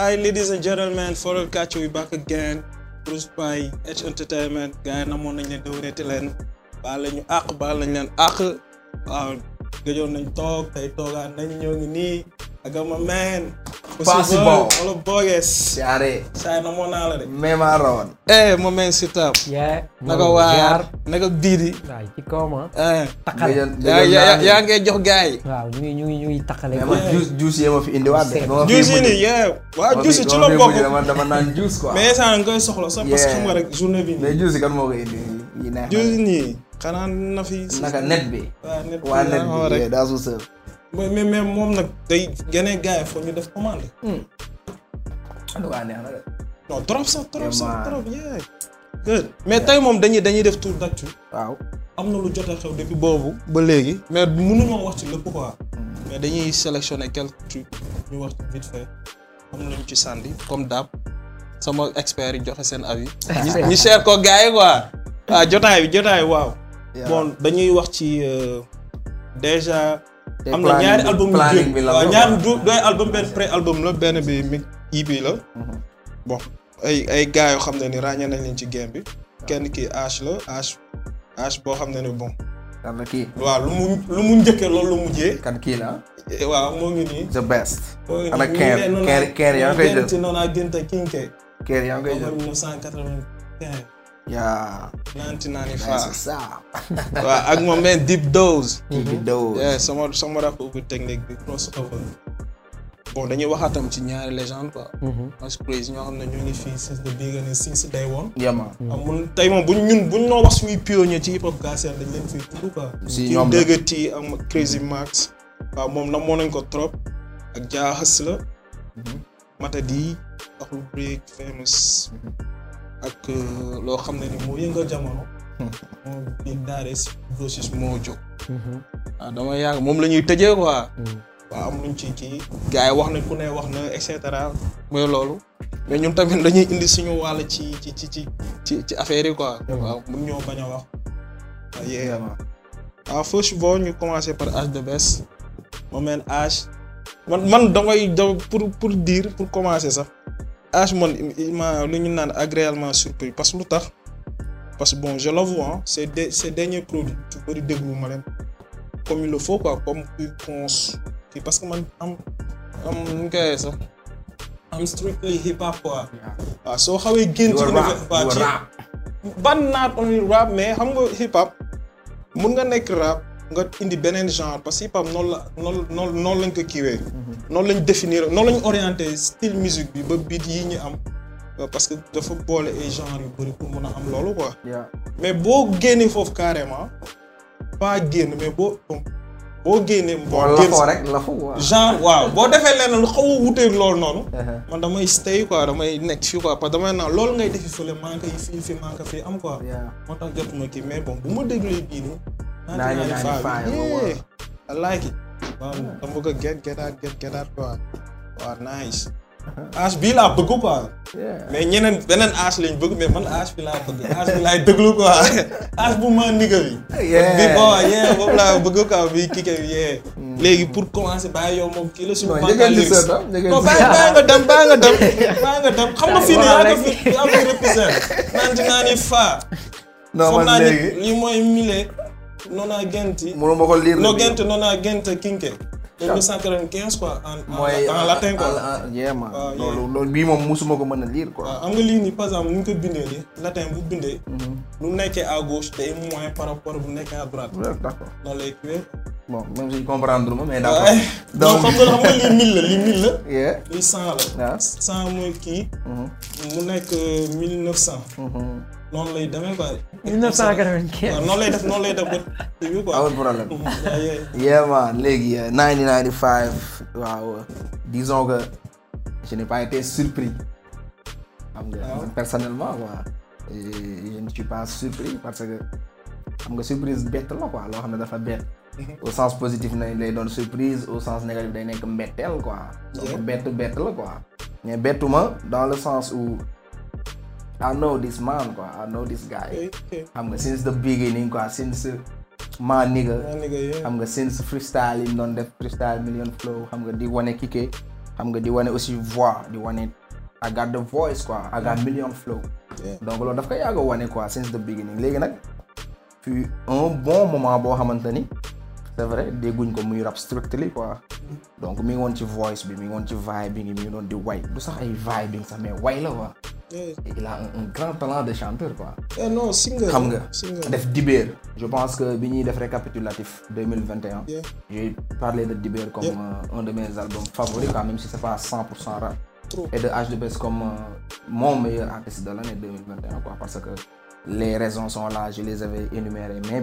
Hi, ladies and gentlemen, Foral Catch, we back again. Produced by H Entertainment. Guy, namoon nañ leen dawrete leen baal lañu àq baal nañ leen àq waaw gëjoon nañ toog tey toogaan nañ ñoo ngi nii agama man possible wala boogees. jaaree. saa na moo naa la de. meema rawan. eh ma meen si taab. yaa naka waar naka diidi. waaw ci kaw ma. takkale yaa ngi jox gars yi. waaw ñu ngi ñu ngi ñu ngi takkale. mais juus juus yi ma fi indiwaat de. juus yi nii yee. waaw juus yi ci la bokk dama dama naan juus quoi. mais saa nga koy soxla sax parce que xam nga rek journée bi. mais juus yi kan moo koy indi. yi neex na juus yi nii. xanaa na fi. naka net bi. waa net bi daa su sër. mais mais moom nag day yeneen gars yi foog ñu def commande. en tout cas neex trop sax trop sax trop yeah. mais tey moom dañuy dañuy def tour d'actu. waaw am na lu jot a xew depuis boobu. ba léegi mais mënuñoo wax ci lépp quoi. mais dañuy sélectionner quelques trucs ñu wax vite fait am nañu ci sànni comme d'hab sama expert yi joxe seen avis. ñu ñu cher ko gars yi quoi. ah jotaay bi jotaay waaw. bon dañuy wax ci euh, déjà. am na ñaari album yu génn waaw ñaar du doy album benn la benn bi mi EP la mhm. bon ay ay yoo xam ne ni ràññee nañ leen ci game bi kenn kii H la H boo xam ne ni bon kan la kii waaw lu mu lu mu njëkkee loolu lu mujjee kan kii la eh, waaw moo ngi nii the best ana keer keer keer yaa a génte Yeah. Nineteen ninety five. waaw ak moom benn deep dose. deep mhm. dose. yeah sama sama rap bu technique bi crossover. bon dañuy waxaatam ci ñaari légende quoi. Mhm. parce que crazy ñoo xam ne ñu ngi fii since the beginning since day one. Ah, moom buñ ñun buñ noo wax suñuy pionnier ci hip hop gaaseel dañ leen fiy tudd quoi. si ñoom la dégg tii nañ ko trop. ak jaaxas la. matadi. ak famous. Mhm. ak euh, loo xam ne ni moo yëngal jamono. Hmm. moo jóg. waaw hmm. ah, dama yàgg moom la ñuy tëjee quoi. Hmm. waaw am ci kii. gars wax na ku ne wax na et cetera loolu. mais ñun tamit dañuy indi suñu wàll ci ci ci ci ci ci affaire yi quoi. mun ñoo bañ a wax. waaw ah, ah, first boo ñu commencé par âge de baisse. ma âge man man damay pour pour diir pour commencer sax. âge moom il m'a lu ñu naan agréablement surpris parce que lu tax parce que bon je l'avoue hein ces de ces derniers produits yu bëri déglu ma leen comme il le faut quoi comme kuy ponse kii parce que man am am nu ñu koy sax am strictly hip hop quoi waaw ah, soo xawee génn ci ba ban naat on rap mais xam nga hip hop mun nga nekk rap nga indi beneen genre parce que hip noonu la noonu noonu noonu lañ ko kiiwee. noonu lañ définir noonu lañ orienté style musique bi ba biit yi ñu am. parce que dafa boole ay genre yu bëri pour mun a am loolu quoi. mais boo génnee foofu carrément. pas génn mais boo boo génnee. boo laxoo rek laxu genre waaw boo defee leneen lu xaw a wuteeg loolu noonu. Uh-huh. man damay stay quoi damay nekk fii quoi parce que damay naan loolu ngay defi fële maa ngi koy fii fii maa ngi ko moo tax jotuma kii mais bon bu ma déglu bii nii. 1995. I like it. man dama bëgg a get get out get get out quoi. waaw nice. aas bii laa bëgg quoi. mais ñeneen beneen aas lañ bëgg mais man aas bi laa bëgg aas bi laay déglu quoi aas bu ma nigga bi. bi bon yeah boobu laa bëgg quoi bi kike bi yee. Hmm. léegi pour commencer bàyyi yow kii la suñu. non njëkkee di seet ah njëkkee di seet nga dem bàyyi nga dem bàyyi nga dem xam nga fii nii yaa ngi ko fi yaa ngi ko représenté naan dinaa ni faa. non man léegi xam naa ni lii mooy mille. noona genti ma ko lire no genti noona genti kinke en 1995 quoi en mooy en latin quoi yéema ah, loolu loolu bii moom musuma ko mën liir lire quoi ah, am nga lii nii par exemple ni ñu ko bindee nii latin bu bindee mhm. lu nekkee à gauche day moins par rapport bu nekkee à droite d'accord noonu lay kiwee bon même suñ comprendre ma mais. d'accord donc xam nga xam nga lii mille la lii mille la. lii cent la. waaw cent mooy kii. Mm-hmm. mu nekk euh, mille neuf cent. Mm-hmm. noonu lay demee quoi. mille neuf cent quatre-vingt-quinze. waaw noonu lay def noonu lay def ba kii bi quoi. amul problème. Mm-hmm. yeah man léegi euh, ninety ninety five waaw disons que je n'ai pas été surpris. xam nga ah personnellement quoi. je ne suis pas surpris parce que xam nga surprise bett la quoi loo xam ne dafa bett. au sens positif na lay doon surprise au sens négatif day nekk mbetteel quoi. donc bett bett la quoi. mais bettuma dans le sens où I know this man quoi I know this guy. xam nga since the beginning quoi since ma nigga. xam nga since freestyle yi doon def freestyle million flow xam nga di wane kike xam nga di wane aussi voix di wane. I got the voice quoi I got million flow. donc loolu daf koy yàgg a wane quoi since the beginning léegi nag. puis bon moment boo xamante ni. c'est vrai dégguñ ko mu rap strictly quoi donc mi ngi woon ci voice bi mi ngi woon ci vibe bi mi ngi doon di way du sa ay vibe bi sax way la quoi. il a un grand talent de chanteur quoi. Ah xam nga def Dibéer. je pense que bi ñuy def récapitulatif deux mille vingt et un. j'ai parlé de Dibéer comme euh, un de mes albums favoris quoi même si c'est pas pour cent rap. et de HDBS comme euh, mon meilleur artiste de l'année deux mille vingt et un quoi parce que les raisons sont là je les avais énumérées mais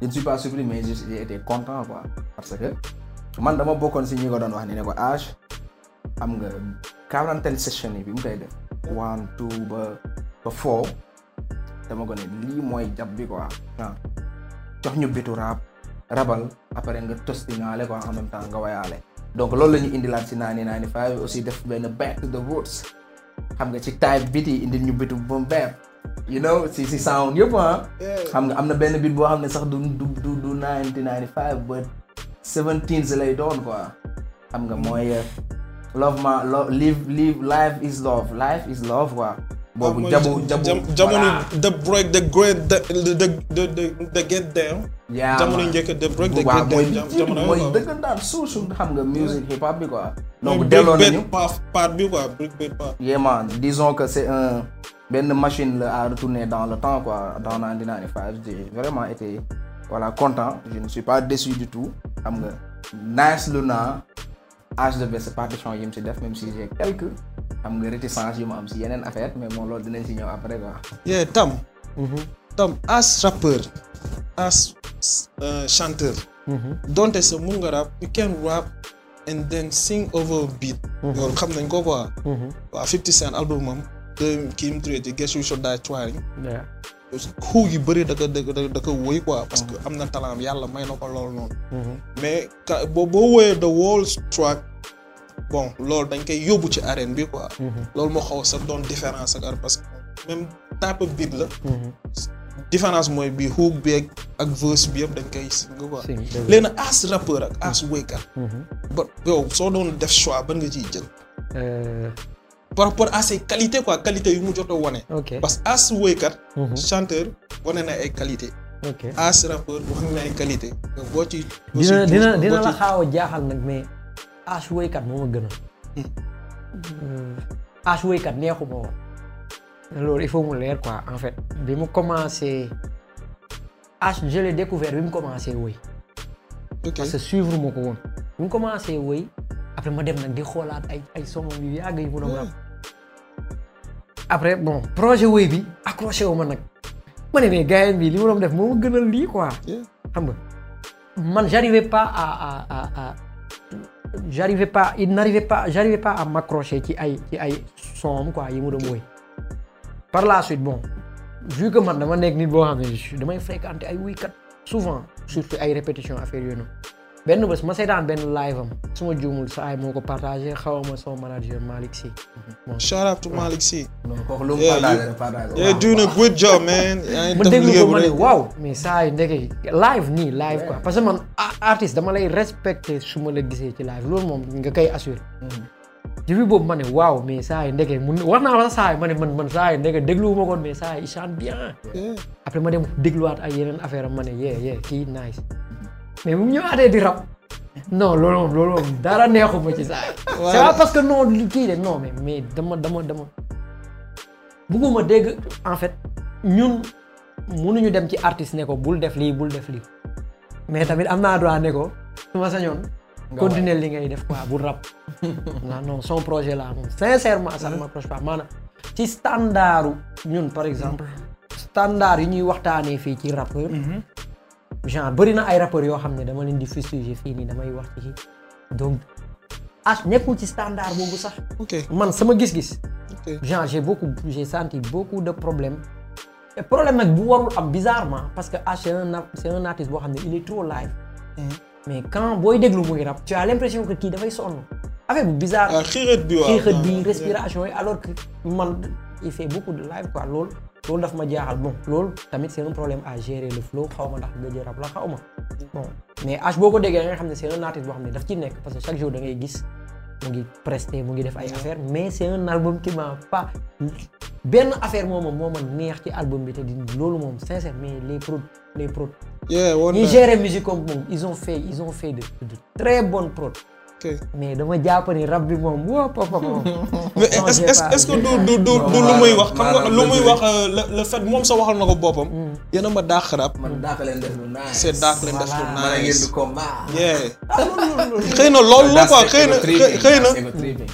je ne suis pas été content quoi parce que man dama bokkoon si ñu ko doon wax ni ne ko âge am nga quarantaine session yi bi mu koy def one two ba ba dama ko ne lii mooy jab bi quoi ah jox ñu bitu rab rabal après nga tostingaale quoi en même temps nga wayaale donc loolu la indilaat si naani naani five aussi def benn back to the roots xam nga ci type biti indil ñu bitu ba mu you know si si sound yëpp ah. xam nga am na benn beat boo xam ne sax du du du du nineteen ninety five but seventeen lay doon quoi. xam nga mooy eh, love ma love live live life is love life is love quoi. boobu ah, jabu jabu jamono the break the great the the the the get down. yaa jamono njëkk the break the get down ah, jamono mooy dëggantaan suusu xam nga music hip hop bi quoi. donc delloo nañu part bi quoi break part. yeah man disons que c'est un. benn machine la à retourner dans le temps quoi dans Nandina Nifaas j'ai vraiment été voilà content je ne suis pas déçu du tout xam nga nice lu naa de bess yi mu si def même si j'ai quelques xam nga réticence yu ma am si yeneen affaire mais moom loolu dinañ si ñëw après quoi. yeah Tam. Mm-hmm. Tam as rappeur as euh, chanteur. Mm-hmm. donte sa mun nga rap you can rap and then sing over beat. Mm-hmm. loolu xam nañ ko quoi. waa 50 Cent album am. que kii mu tuddati guest yu sot daa cuwaari xuu yi bëri da ko da parce que mm-hmm. am na talaam yàlla may na ko loolu noonu mm-hmm. mais ka boo boo wóyee the whole track loolu dañ koy yóbbu ci arène bi quoi mm-hmm. loolu moo xaw sax doon différence ak ar parce que même type beat la différence mooy bi hook bi ak verse bi yëpp dañ koy sing quoi léegi nag as rappeur ak as wéykat ba yow soo doon def choix ban nga ciy jël euh, par rapport à ses qualités qualité yu mu jot a wone parce que as woykat mhm. chanteur wane na ay qualité as rappeur wane na ay qualité boo ci dina dina dina a jaaxal nag mais as woykat moo ma gën a hmm. euh, as woykat neexu ma loolu il faut mu leer quoi en fait bi mu commencé as je l'ai découvert bi mu commencé woy parce suivre ma ko woon bi mu commencé woy après ma dem nag di xoolaat ay ay song yu yàgg yu mu doon projet wéy bi accroché wu ma nag ma ne mais bi li ma doon def moo ma gënal lii quoi xam nga man j'arrivais pas à à à à j'arrivais pas il n'arrivait pas ci ay ci ay soom quoi yi mu doon woy par la suite bon vu que man dama nekk nit boo xam ne damay fréquenter ay woykat souvent surtout ay répétition affaire yooyu noonu benn bés ma seetaan benn live am su ma juumul sa ay moo ko partagé xaw ma sama manager Malick Sy. shout mu partagé partagé. a ma ne waaw. mais saa yu ndeke live nii live quoi parce que man artiste dama lay respecté su ma la gisee ci live loolu moom nga koy assuré. Mm-hmm. depuis boobu ma ne waaw mais saa yu ndeke mun wax naa la saa ma ne man man saa yu ndeke dégluwuma kon mais saa yu il bien. après ma dem dégluwaat ay yeneen affaire am ma ne yeah yeah kii nice. mais bu ñëwaatee di rab non loolu moom loolu moom dara neexuma ci saa c'est pas parce que non kii de non mais mais dama dama dama bugguma dégg en fait ñun mënuñu dem ci artiste ne ko bul def lii bul def lii mais tamit am naa droit ne ko su ma sañoon continuer li ngay def quoi bul rab non non son projet là moom sincèrement ça ne hmm. m'approche pas maanaam ci standardu ñun par exemple hmm. standard yi ñuy waxtaanee fii ci rap genre bëri na ay rappeurs yoo xam ne dama leen di fustige fii nii damay wax ci donc H ah nekkul ci standard boobu sax. ok man sama gis-gis. ok genre j'ai beaucoup j'ai senti beaucoup de problèmes. te problème nag bu warul am bizarrement parce que H ah, c'est un c'est boo xam ne il est trop live. Hmm. mais quand booy déglu muy rap. tu as l'impression que kii dafay sonn. affaire bu bizarre. ah bi waaw xiixat ah, yi alors que man il fait beaucoup de live quoi loolu. loolu daf ma jaaxal bon loolu tamit c'est un problème à gérer le flow xaw ma ndax gëj rap la xaw ma bon mais H boo ko déggee da nga xam ne c'est un artiste boo xam ne daf ci nekk parce que chaque jour da ngay gis mu ngi presté mu ngi def ay affaire mais c'est un album qui m'a pas benn affaire moom moo ma neex ci album bi te di loolu moom sincère mais les prod les prod. ñi gérer musique comme moom ils ont fait ils ont fait de de très bonnes prod. mais dama jàpp ni rab bi moom wóo papa moom. mais est du du du lu muy wax. xam nga lu muy wax euh, le fait moom sa waxal na ko boppam. Mm. yéen a ma dàq rab. man dàq leen def lu naaj. c'est dàq leen def lu naaj. man a ngeen ah, na loolu la quoi xëy na xëy na.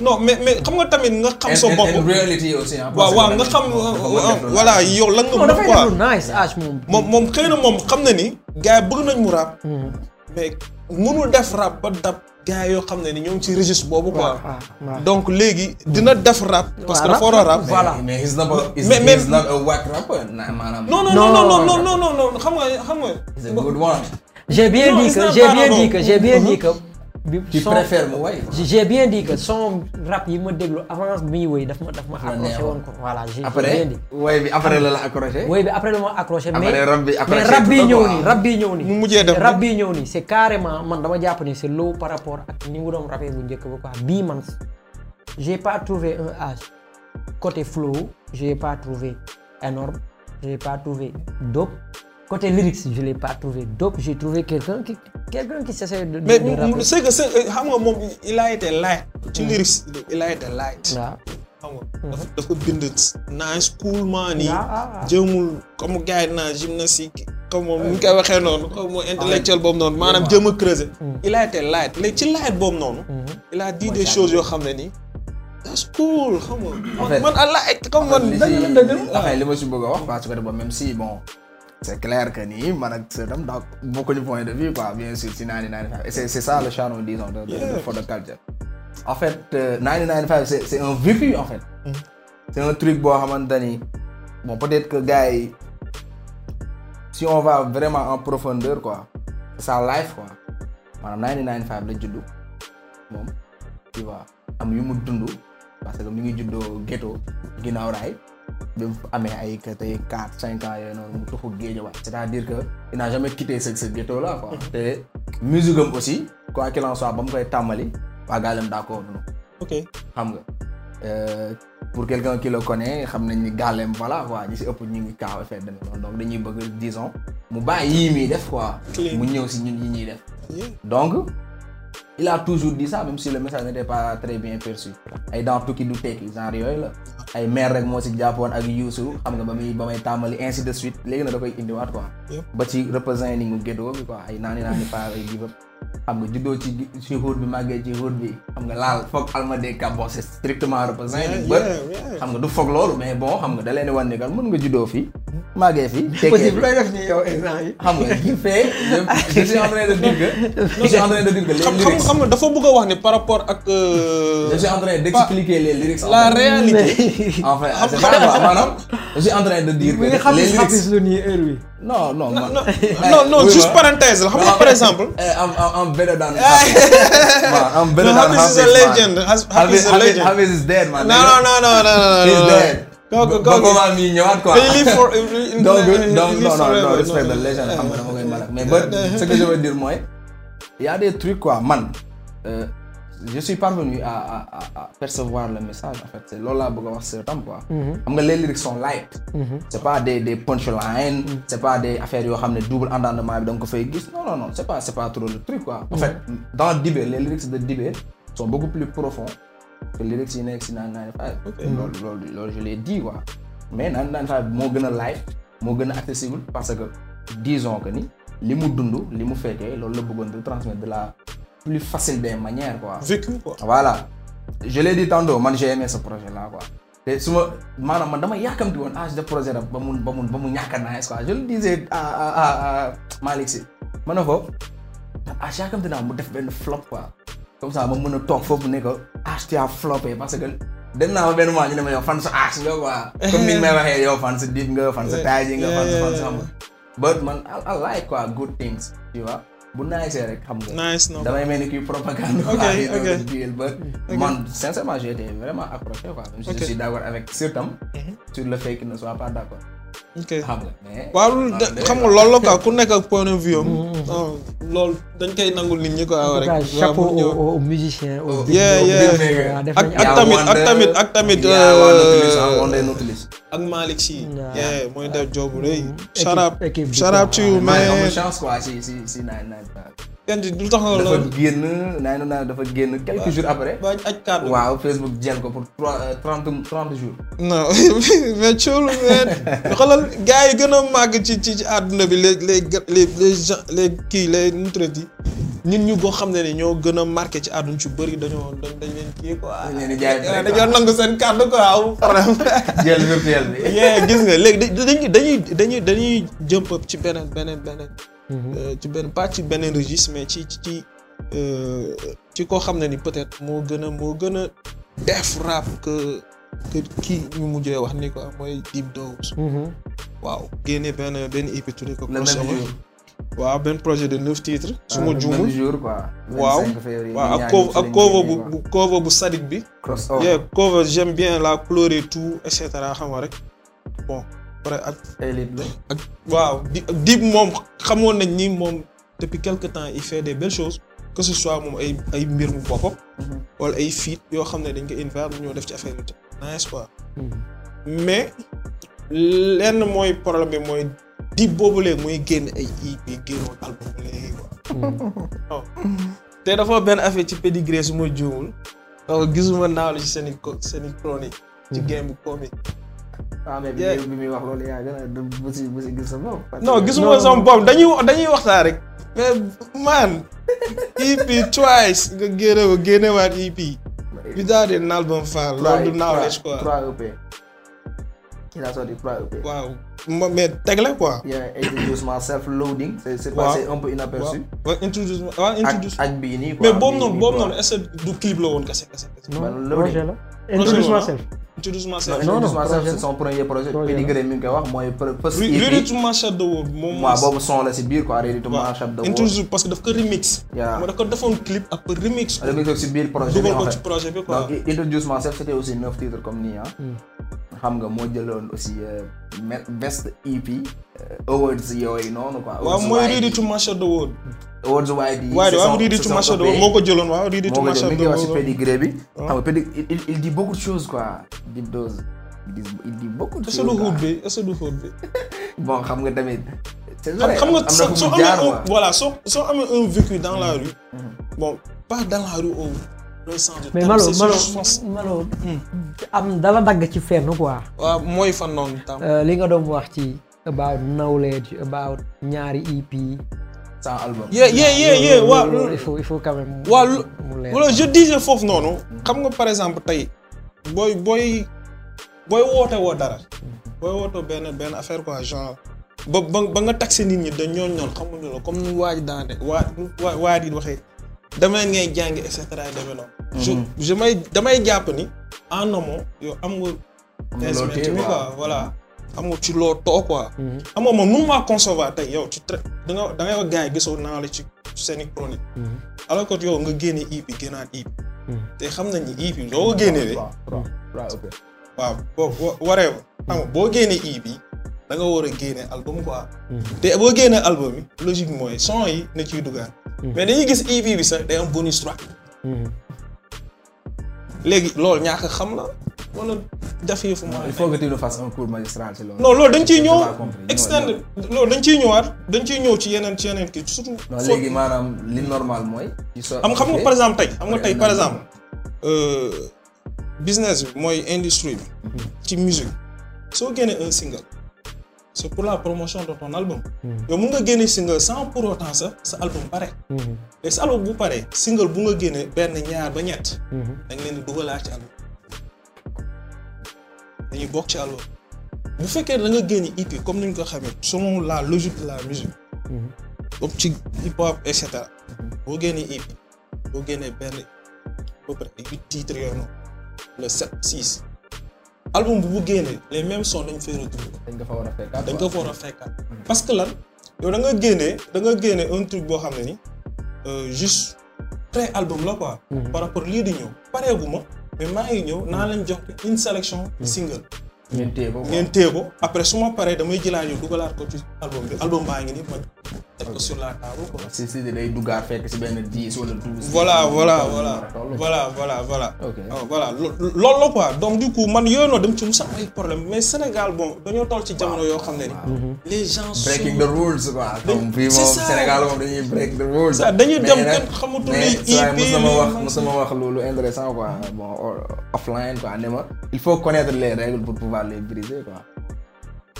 non mais mais xam nga tamit nga xam sa bopp. waaw waaw nga xam voilà yow lan nga. na moom xam na mu rab. Mm. mais mënul def rab ba dab. gars yoo xam ne ni ñoo ngi ci registre boobu quoi. donc léegi dina def rap. parce que dafa a rap. voilà mais is not a is not a whack rapper maanaam. non non non non non non xam nga xam nga. is a good one. j'ai bi tu préfères mu way j'ai bien yi ma déglu avance bi muy woy daf ma daf ma accroché woon ko voilà j'ai bien dit way bi après la la accroché way bi après la ma accroché mais rap bi mais ñëw nii rap bi ñëw nii mu mujjee man dama jàpp ni c'est low par rapport ak ni mu doon rappé bu njëkk ba bii man j'ai pas trouvé un a côté flow j'ai pas trouvé énorme j'ai pas trouvé dope côté lyrics je l'ai pas trouvé donc j'ai trouvé quelqu'un qui quelqu'un qui s'essaie de. mais c'est que c'est euh, xam nga moom il a été light. ci mm. lyrics il a été light. waaw xam nga. Mm-hmm. dafa dafa bind nice cool man yi. Ah, ah, ah. jëmul comme gars yi naan gymnastique. comme moom ni ñu koy waxee noonu. comme moom intellectuel boobu noonu maanaam jëm a creuser. Mm. il a été light léegi ci light boobu noonu. Mm-hmm. il a dit des choses yoo xam ne nii. that's cool xam nga. man man man. dëgg la dëgg la li ma si bëgg a wax parce même si bon. c'est clair que nii man ak sëtam donc bokkuñu point de vue quoi bien sûr si 1995 et c'est ça le charme disons de de for the culture. en fait 1995 euh, c'est c'est un vécu en fait. Mm-hmm. c'est un truc boo xamante ni bon peut-être que gars si on va vraiment un profondeur quoi c'est sa life quoi maanaam 1995 la juddu moom tu vois am yu mu dund parce que mi ngi juddoo ghetto ginnaaw raay. bi mu amee ay tey quatre cinq ans yooyu noonu mu tuxu Guédiawaye c'est-à-dire que il n'a jamais quitté ce ce ghetto là mm-hmm. te musique aussi quoi qu'il en ba mu koy tàmmali waa Gaalem d'accord noonu ok xam nga euh, pour quelqu'un kilo le xam nañ ni Gaalem voilà quoi ñi si ëpp ñu ngi kaaw effet demee noonu donc dañuy bëgg disons mu bàyyi yii muy def quoi mu ñëw si ñun yi ñuy def donc il toujours di ça même si le message n'était pas très bien perçu ay dans tukki du tekki genre yooyu la ay maire rek moo si jàppoon ak Youssou xam nga ba muy ba may tàmbali ainsi de suite léegi na da koy indiwaat quoi ba ci représenting gu géddoo bi quoi ay naani naani faar ay gibab xam nga juddoo ci ci bi màggee ci xóot bi xam nga laal foog almadee kàbbon c'est strictement représenting ba xam nga du foog loolu mais bon xam nga da leen di wan ne mën nga juddoo fii màggee fi. tekkee fi looy def nii yow exemple yi. xam nga je fais je suis en train de dire que. je suis en train de dire que les lyrics xam nga dafa bëgg a wax ni par rapport ak. Euh, je suis en train d' expliquer les lyrics. la réalité. en fait c'est ça quoi maanaam. je suis en train de dire que les lyrics lu nii heure bi. non non man. non non juste parenthèse la xam nga par exemple. am am am benn daan. waaw am benn daan. Hafiz is a legend. Hafiz is a legend. Hafiz is dead man. non non non non non. kooku kooku ba moment donc donc non non respect la légende mais ba ce que des trucs quoi man. Euh, je suis parvenu à à à à percevoir le message en fait c'est loolu laa bëgg a wax mm-hmm. mm-hmm. mm-hmm. yoo xam ne double entendement bi da nga gis non non non c'est pas c'est trop le truc quoi. en fait dans Dibé les lyrics de Dibé sont beaucoup plus profonds. te lyrics nekk si naan naan five ah, mm. loolu loolu loolu je l'ai dit quoi mais naan naan five moo gën a live moo gën a accessible parce que disons que ni li mu dund li mu fekkee loolu la bëggoon de transmettre de la plus facile des manières quoi vécu quoi voilà je l'ai dit tantôt man j'ai aimé ce projet là quoi te su ma maanaam man dama yàkkamti woon ah de projet la ba mu ba mu ba mu ñàkk a nice quoi je le disais à à à à Malick Sy ma ne ko ah yàkkamti naa mu def benn flop comme ça ma mën a toog foofu ne ko Ash tu as floppé parce que dem naa ba benn mois ñu ne ma yow fan sa Ash nga quoi. comme ni ñu may waxee yow fan sa Dip nga nga fan sa fan sa but man I like quoi good things tu vois. bu nice rek xam nga. nice no damay mel ni kuy propagande. ok ok but man sincèrement j' étais vraiment accroché quoi. je suis d' accord avec surtout mm-hmm. le fait qu'il ne soit pas ok xam nga mais. waaw xam nga loolu la quoi ku nekk ak point de vue am. Mm-hmm. Ah, dañ koy nangul nit ñi ko rek waaw chapeau au musicien. Oh, ak ak tamit ak tamit ak euh, tamit. Ah, ak Malick Sy. waaw mooy def job bu rëy. Mm-hmm. équipe équipe bi yanti lu tax nga loolu dafa génn naa ne dafa génn quelques jours après. ba aj kàddu waaw Facebook jël ko pour trois euh, trente jours. non mais coolu mais xoolal gars yi gën a mag ci ci ci àdduna bi les les les les gens les kii les nutritifs nit ñu boo xam ne ni ñoo gën a marqué ci àdduna ci bëri dañoo dañ leen kii quoi. dañ leen di jaay eh, dañoo nangu seen kàddu quoi aw problème. jël virtuel bi. gis nga léegi dañuy dañuy dañuy dañuy jëm ci beneen beneen beneen. Mm-hmm. Euh, ci benn pas ci benn registre mais ci ci euh, ci koo xam ne ni peut-être moo gën a moo gën a def rap que kii ñu mujjee wax ni quoi mooy Deep Dose. Mm-hmm. waaw génne benn benn EP tuddee ko. le waaw benn projet de neuf titre su ma ah, juumul waaw waaw ak cover ak cover bu bu cover bu sadik bi. crossover yeah cover j'aime bien la couleur et tout et cetera xam rek bon. pare ak. élite la ak waaw Dip moom xamoon nañ ni moom depuis quelque temps il fait des belles choses que ce soit moom ay ay mbir mu boppam. Mhm. wala ay feat yoo xam ne dañ ko invité ñoo def ci affaire bi n'est-ce pas. mais lenn mooy problème bi mooy Dip boobu léegi muy génn ay EP génnoon album léegi quoi. Mhm. Oh. te dafa benn affaire ci pedigree su mooy juumul donc gisuma naaw la ci seen i co seen i chronique. ci mhm. game bi comique. waaw ah, mais bi muy wax loolu yaa gën a bu si gis sa bopp. non gisuma sama bopp dañuy dañuy waxtaan rek. mais man. EP twice nga génne ko génnewaat EP. bi di naal ba mu faal. loolu e du naawlees quoi 3 e a sorti 3 e la quoi. y' a introduction self loading. c' est passé un peu inaperçu. waaw introduction waaw introduction. ak bii nii quoi mais boobu noonu boobu noonu est ce que du clip la woon non Rudis Massadou non non projet son premier projet. pedigree mi ngi koy wax mooy. Ready to Mashadow moom mooy. boobu son la si biir quoi Ready to Mashadow. waaw parce que daf ko remix. waaw ma daf ko defoon clip ak remix. remix si biir projet bi en fait donc introduce myself c'était aussi neuf titres comme nii ah. xam nga moo jëloon aussi euh, best EP euh, awards yooyu noonu quoi. waaw mooy awards waaye waaw Ready to Master the World moo ko jëloon waaw Ready to moo ko jël mi ngi wax si pédigré bi. Ah. xam nga pédigré il dit beaucoup de choses quoi Deep Dose. il dit beaucoup quoi est-ce que bi bon xam nga tamit. c'est xam nga soo amee un voilà soo soo amee vécu dans la mm-hmm. rue. Mm-hmm. bon pas dans la rue au. Oh. mais Malo Malo Malo hmm. am dagg ci fenn quoi. waaw mooy fan noonu euh, li nga doon wax ci about knowledge about ñaari EP. sans album. yee yee yee waaw loolu il faut il faut quand même. waaw loolu foofu noonu. xam nga par exemple tey booy booy booy woote woo dara. booy wootoo benn benn affaire quoi genre. ba ba nga taxé nit ñi dañ ñoo ñool xamuñu la comme ni waaj daane waa waa waa di waxee. dama ngay jàng et cetera je mhm. je may damay jàpp ni en amont yow am nga. am ci loo too quoi. Mhm. amoo ma nu mu maa concevoir tey yow ci très da nga da nga gars yi naa la ci seen i chronique. Mhm. alors que yow nga génne iib bi gënaat iib. te xam nañ ni iib bi doo ko génne de. waaw boo waree boo génne iib bi danga war a génne album quoi. te boo génne album yi logique mooy son yi na ci dugaan. mais dañuy gis iib bi sax day am bonus track. léegi loolu ñàkk xam la wala def yëfu ma. il faut que tu nous fasses un cours ci loolu. non loolu dañ ciy ñëw extend loolu dañ ciy ñëwaat dañ ciy ñëw ci yeneen ci yeneen kii surtout. non léegi maanaam li normal mooy. am xam nga par exemple tey xam nga tey par exemple. Euh, business bi mooy industrie bi. Mhm. ci musique soo génnee un single. c'est pour la promotion de ton album. Hmm. yow mun nga génne single sans pour autant sa sa album pare. léegi hmm. sa album bu pare single bu nga génne benn ñaar ba ñett. Hmm. da leen di dugalaat ci album. dañuy bokk ci album. bu fekkee danga nga génne EP comme ni ñu ko xamee selon la logique de la musique. comme ci hip hop et cetera. boo génnee EP benn à peu près album bu bu génnee les même sons dañ fay retrouver. dañ ko war a dañ ko war a fekkaat hmm. parce que lan yow da nga génnee da nga génnee un truc boo xam ne ni euh, juste pré album la quoi. Hmm. par rapport lii di ñëw pareegu ma mais maa ngi ñëw naa leen jox une sélection hmm. single. ngeen téye ko ngeen ko après su ma paree damay jëlaat yow dugalaat ko ci album bi album maa ngi nii man. la table si si day duggaat fekk si benn dix wala voilà voilà voilà ah, voilà voilà voilà. voilà loolu la quoi donc du man yooyu noonu dem ci mu sax ay problème mais Sénégal bon dañoo toll ci jamono yoo xam ne ni. Mhm. les gens sont breaking the rules quoi. comme fii Sénégal moom dañuy dem kenn xamatul ni IP mais sama wax mosuma wax loolu intéressant quoi bon offline quoi ne il faut connaître les règles pour pouvoir les briser quoi.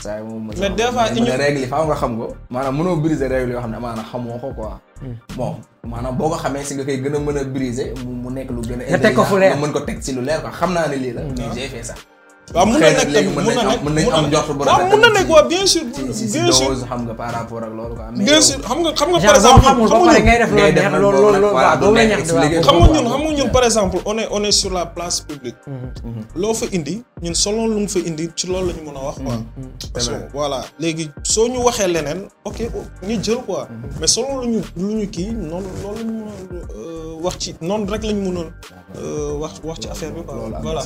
saa yi moom ma des fois ñu règle yi faaw nga xam ko maanaam mënoo briser règle yoo xam ne maanaam xamoo ko quoi hmm. bon maanaam boo ko xamee si nga koy gën a mën a briser mu nekk lu gën a nga teg ko fu leer nga mën ko teg si lu leer quoi xam naa ne lii la hmm. mais j'ai fait ça waaw mun na nekk tamit mun nañ am njort bu rafet waaw mun na bien sûr. bien sûr xam nga par rapport ak loolu bien sûr xam nga xam nga par exemple. xamul ba pare ngay def loolu loolu loolu waaw doo la xam nga ñun xam nga ñun par exemple on sur la place publique. Mm-hmm, mm-hmm. loo fa indi ñun selon lu mu fa indi ci loolu la ñu mën a wax quoi. Mm-hmm, parce voilà léegi soo ñu waxee leneen ok ñu jël ko mais selon lu ñu kii noonu loolu ñu mën a euh, wax ci noonu rek la ñu mën a euh, wax wax ci affaire bi quoi voilà.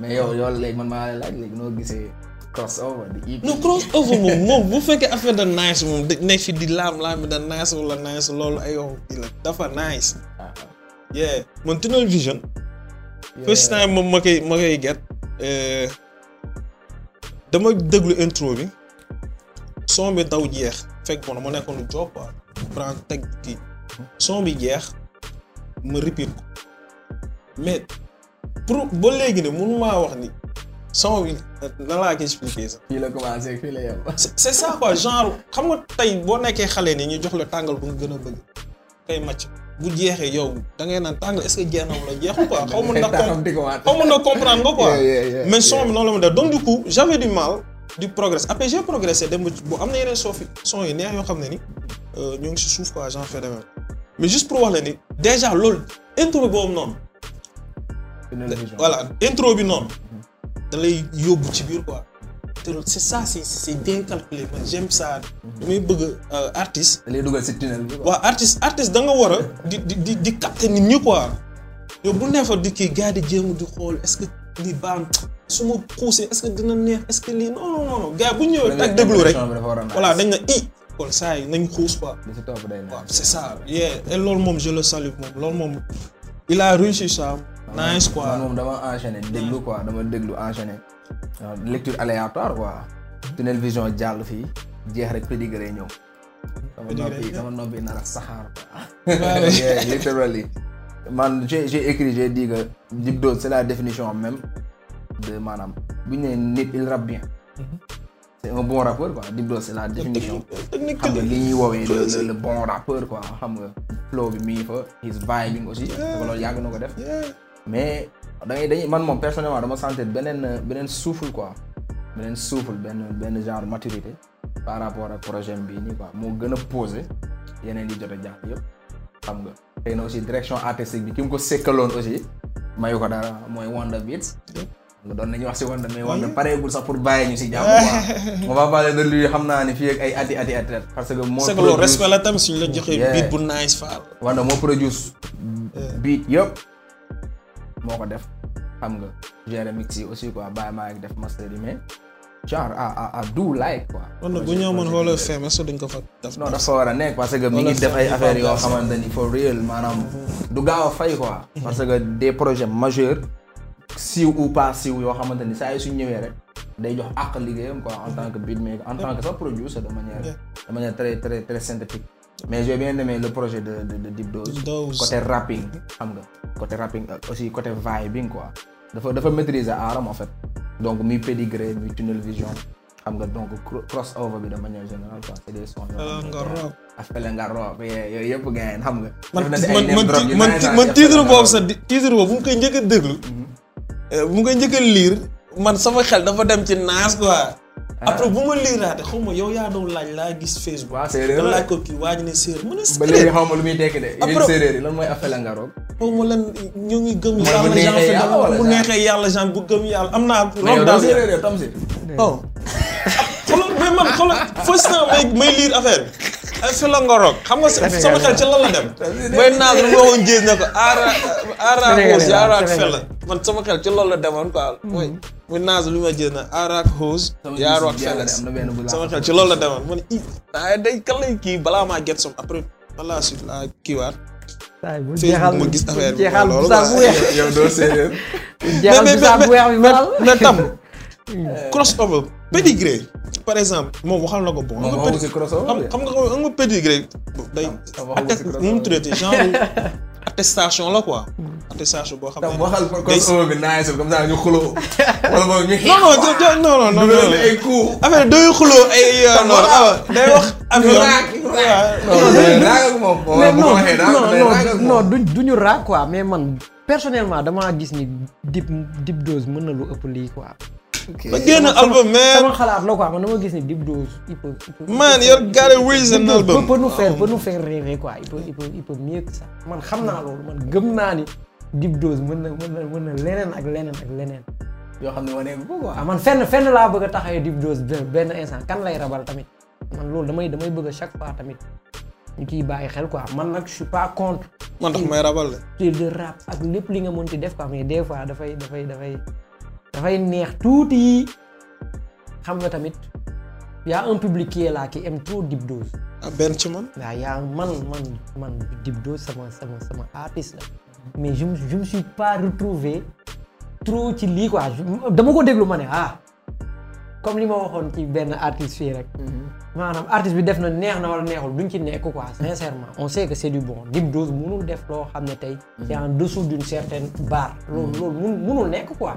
mais yow yow léegi man maa laaj léegi noo gisee crossover di EP. non crossover moom moom bu fekkee affaire da nice moom da nekk fi di laam laam bi da nice wala nice loolu ay yow la dafa nice. Ah. yeah man tunnel vision. first time moom ma koy ma koy get. Eh, dama déglu intro bi son bi daw jeex fekk bon ma nekkoon lu jox quoi prend teg kii hmm. bi jeex ma repeat ko mais. pour ba léegi ne mënu maa wax ni son bi nan laa ko expliqué sax. fii la commencé fii la yem. c'est ça quoi genre xam nga tey boo nekkee xale ni ñu jox la tàngal bu nga gën a bëgg kay màcc bu jeexee yow da ngay naan tàngal est-ce jeex na wala jeexul quoi. xaw ma na xaw ma na comprendre nga quoi. mais la ma def donc du coup j'avais du mal. du progresser bu am na yeneen soofi son yu neex yoo xam ne ni euh, ñoo ngi si suuf quoi j'en fais de même mais juste pour wax la ni déjà loolu intro boobu noonu. voilà intro bi noonu. da yóbbu ci biir quoi. te c' est ça c' est c' est bien calculé man j'aime bëgg euh, artiste. da lay dugal si nga war a. di di di capter nit ñi quoi. yow bu ne fa di kii gars di jéem di xool est ce que lii baax su ma poussé est ce que dina neex est ce que lii non non non gars bu ñu ñëwee tak déglu rek voilà dañ na i. kon saa yi nañ xuus quoi. li si topp loolu moom je le salue moom loolu moom il a réussi ça. nice quoi man moom dama enchaîné déglu quoi dama déglu enchaîné. lecture aléatoire quoi. tunnel vision jàll fii jeex rek pédigré ñëw. sama noppi sama noppi nar a saxaar quoi. literally man j'ai j'ai écrit j'ai dit que Dip c'est la définition même de maanaam bu ñu nee nit il rappe bien. c'est un bon rappeur quoi Dip Doz c'est la définition. xam nga li ñuy woowee le bon rappeur quoi xam nga flow bi mi ngi fa. his vibing aussi. loolu yàgg na ko def. mais da ngay dañuy man moom personnellement dama sentir beneen beneen souffle quoi beneen souffle benn benn genre maturité par rapport ak projet bii nii quoi moo gën a posé yeneen yi jot a jàpp yëpp xam nga. xëy na aussi direction artistique bi ki mu ko sekkaloon aussi mayu ko dara mooy Wanda Beats. doon ñu wax si Wanda mais Wanda pareegul sax pour bàyyee ñu si jàmm quoi. on va parler de xam naa ne fii ay ati ati ati parce que moo. produit respect la la joxee beat bu nice faal. Wanda moo produce beat yëpp. moo ko def xam nga gérer mix yi aussi quoi bàyyi maa ngi def master yi mais genre à à à do like quoi. kon nag bu ñu amoon xoolal fee mais duñ ko fa def. non dafa war a nekk parce que mi ngi def ay affaires yoo xamante ni for real maanaam du gaaw a fay quoi. Mhm. parce que des projet majeurs siiw ou pas siiw yoo xamante ni saa yu suñ ñëwee rek. day jox àq liggéeyam quoi en tant que beatmaker en tant que sax producer de manière de manière très très mais j'ai bien aimé le projet de de, de Deep Dose. Dose. côté rapping xam nga côté rapping euh, aussi côté vibing quoi dafa dafa aaram en fait nga donc cross over bi de manière générale quoi c'est des sons. nga rob afele nga rob ah, yooyu yëpp ngeen xam nga. man man ah, man titre boobu sax titre boobu bu mu koy njëkk a bu mhm. euh, mu koy njëkk a liir man sama xel dafa dem ci naas quoi. Ah. après bu ma liiraate xaw ma yow yaa doon laaj laa gis Facebook. waaw la laaj ko kii waa ne séeréer mu ne séeréer. ba léegi xaw ma lu muy tekki de. après séeréer yi lan mooy affaire nga roog. xaw ma lan ñu ngi gëm yàlla. bu neexee bu gëm yàlla am naa. loolu daal séeréer tam si. oh xoolal mais man first time may liir affaire ak eh, su la ngorog xam nga sama xel ci lan la dem mooy naas lu ma waxoon gis ko aara aara xuus yaara man sama xel ci loolu la demoon quoi mm-hmm. mooy muy naas lu ma gis ne aara ak xuus yaara ak fela sama xel ci loolu la demoon man i a day kan kii balaa maa get som après par la suite laa kiiwaat waaw bu ma gis affaire bi jeexal bu sax bu weex yow doo séeréer jeexal bu sax bu weex bi mais tam mm. cross over pédigré par exemple moom waxal na ko bon. xam nga xam nga pédigré day nu mu traité genre la quoi. Mm. attestation boo xam ne waxal crossover bi naaj comme ça ñu xuloo. wala boog ñu mais man personnellement damaa gis ni dip dip dose mën na lu ëpp lii quoi. ba génn album man sama xalaat la quoi man dama gis ni Dip Doz il peut man yor got a reason album peut nous man xam naa loolu man gëm naa ni Dip Doz mën na mën na mën na leneen ak leneen ak leneen yoo xam ne wane ko ah, man fenn fenn laa bëgga a taxawee Dip Doz benn instant kan lay rabal tamit man loolu damay damay bëgg a chaque fois tamit ñu ciy bàyyi xel quoi man nag je suis pas contre man tax may rabal de rap ak lépp li nga mën ci def quoi mais des fois dafay dafay dafay dafay neex tuuti xam nga tamit y a un public qui ki là qui aime trop Dip Doz. ah benn ci man. waaw yaa man man Dip Doz sama sama sama la mais je je me suis pas retrouvé trop ci lii quoi dama ko déglu ma ne ah comme li ma waxoon ci benn artiste fii rek. Mhm. maanaam artiste bi def na neex na wala neexul duñ ci nekk quoi sincèrement on sait que c'est du bon Dip Doz mënul def loo xam ne tey. c'est mhm. en dessous d'une certaine barre. loolu mhm. loolu munul nekk quoi.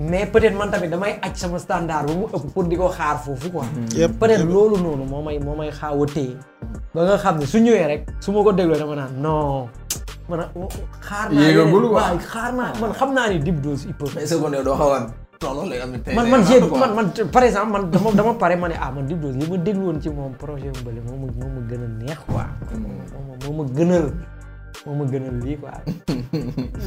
mais peut-être man tamit damay aj sama standard ba mu ëpp pour di ko xaar foofu quoi. Mm-hmm. peut-être loolu noonu moo may moo may xaaw a téye ba xam ne su ñëwee rek su ma ko dégloo dama naan non. man uh, xaar naa yéegagul xaar naa man xam naa ni Deep Dose il peut. mais doo xaw a man man jéeg man man par exemple man dama dama pare ma ne ah man Deep Dose li ma déglu woon ci moom projet bu bële moom ma gën a neex quoi. Mm-hmm. moom ma gënal. moo ma gënal lii quoi.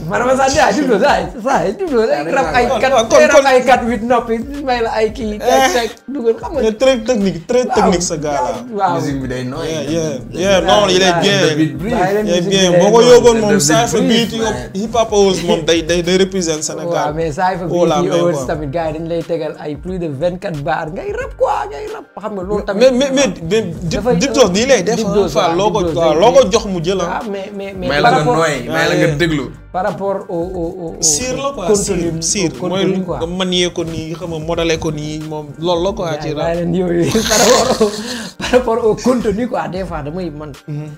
man ma sax ah jublu saa yi jublu rab ay kat rab ay kat huit noppi may la ay kii teg teg dugal xam nga. très technique très technique sa gars là. waaw musique bi day nooy. non il est bien il est bien boo ko yóbboon moom Saipha Beauty hip hop house moom day day day représente Sénégal. waaw oh, mais Saipha Beauty house tamit gars yi dañ lay tegal ay plus de vingt quatre bars ngay rap quoi ngay rap xam nga loolu tamit. mais mais mais Dip Doss nii lay def. Dip Doss waaw loo ko jox mu jël ah. ah mais mais mais par rapport may la nga nooy la nga déglu. par rapport au au au. siir la quoi siir siir mooy nga manier ko nii xam nga modeler ko nii moom loolu la ko ci ra leen yooyu des fois damay man. Mhm.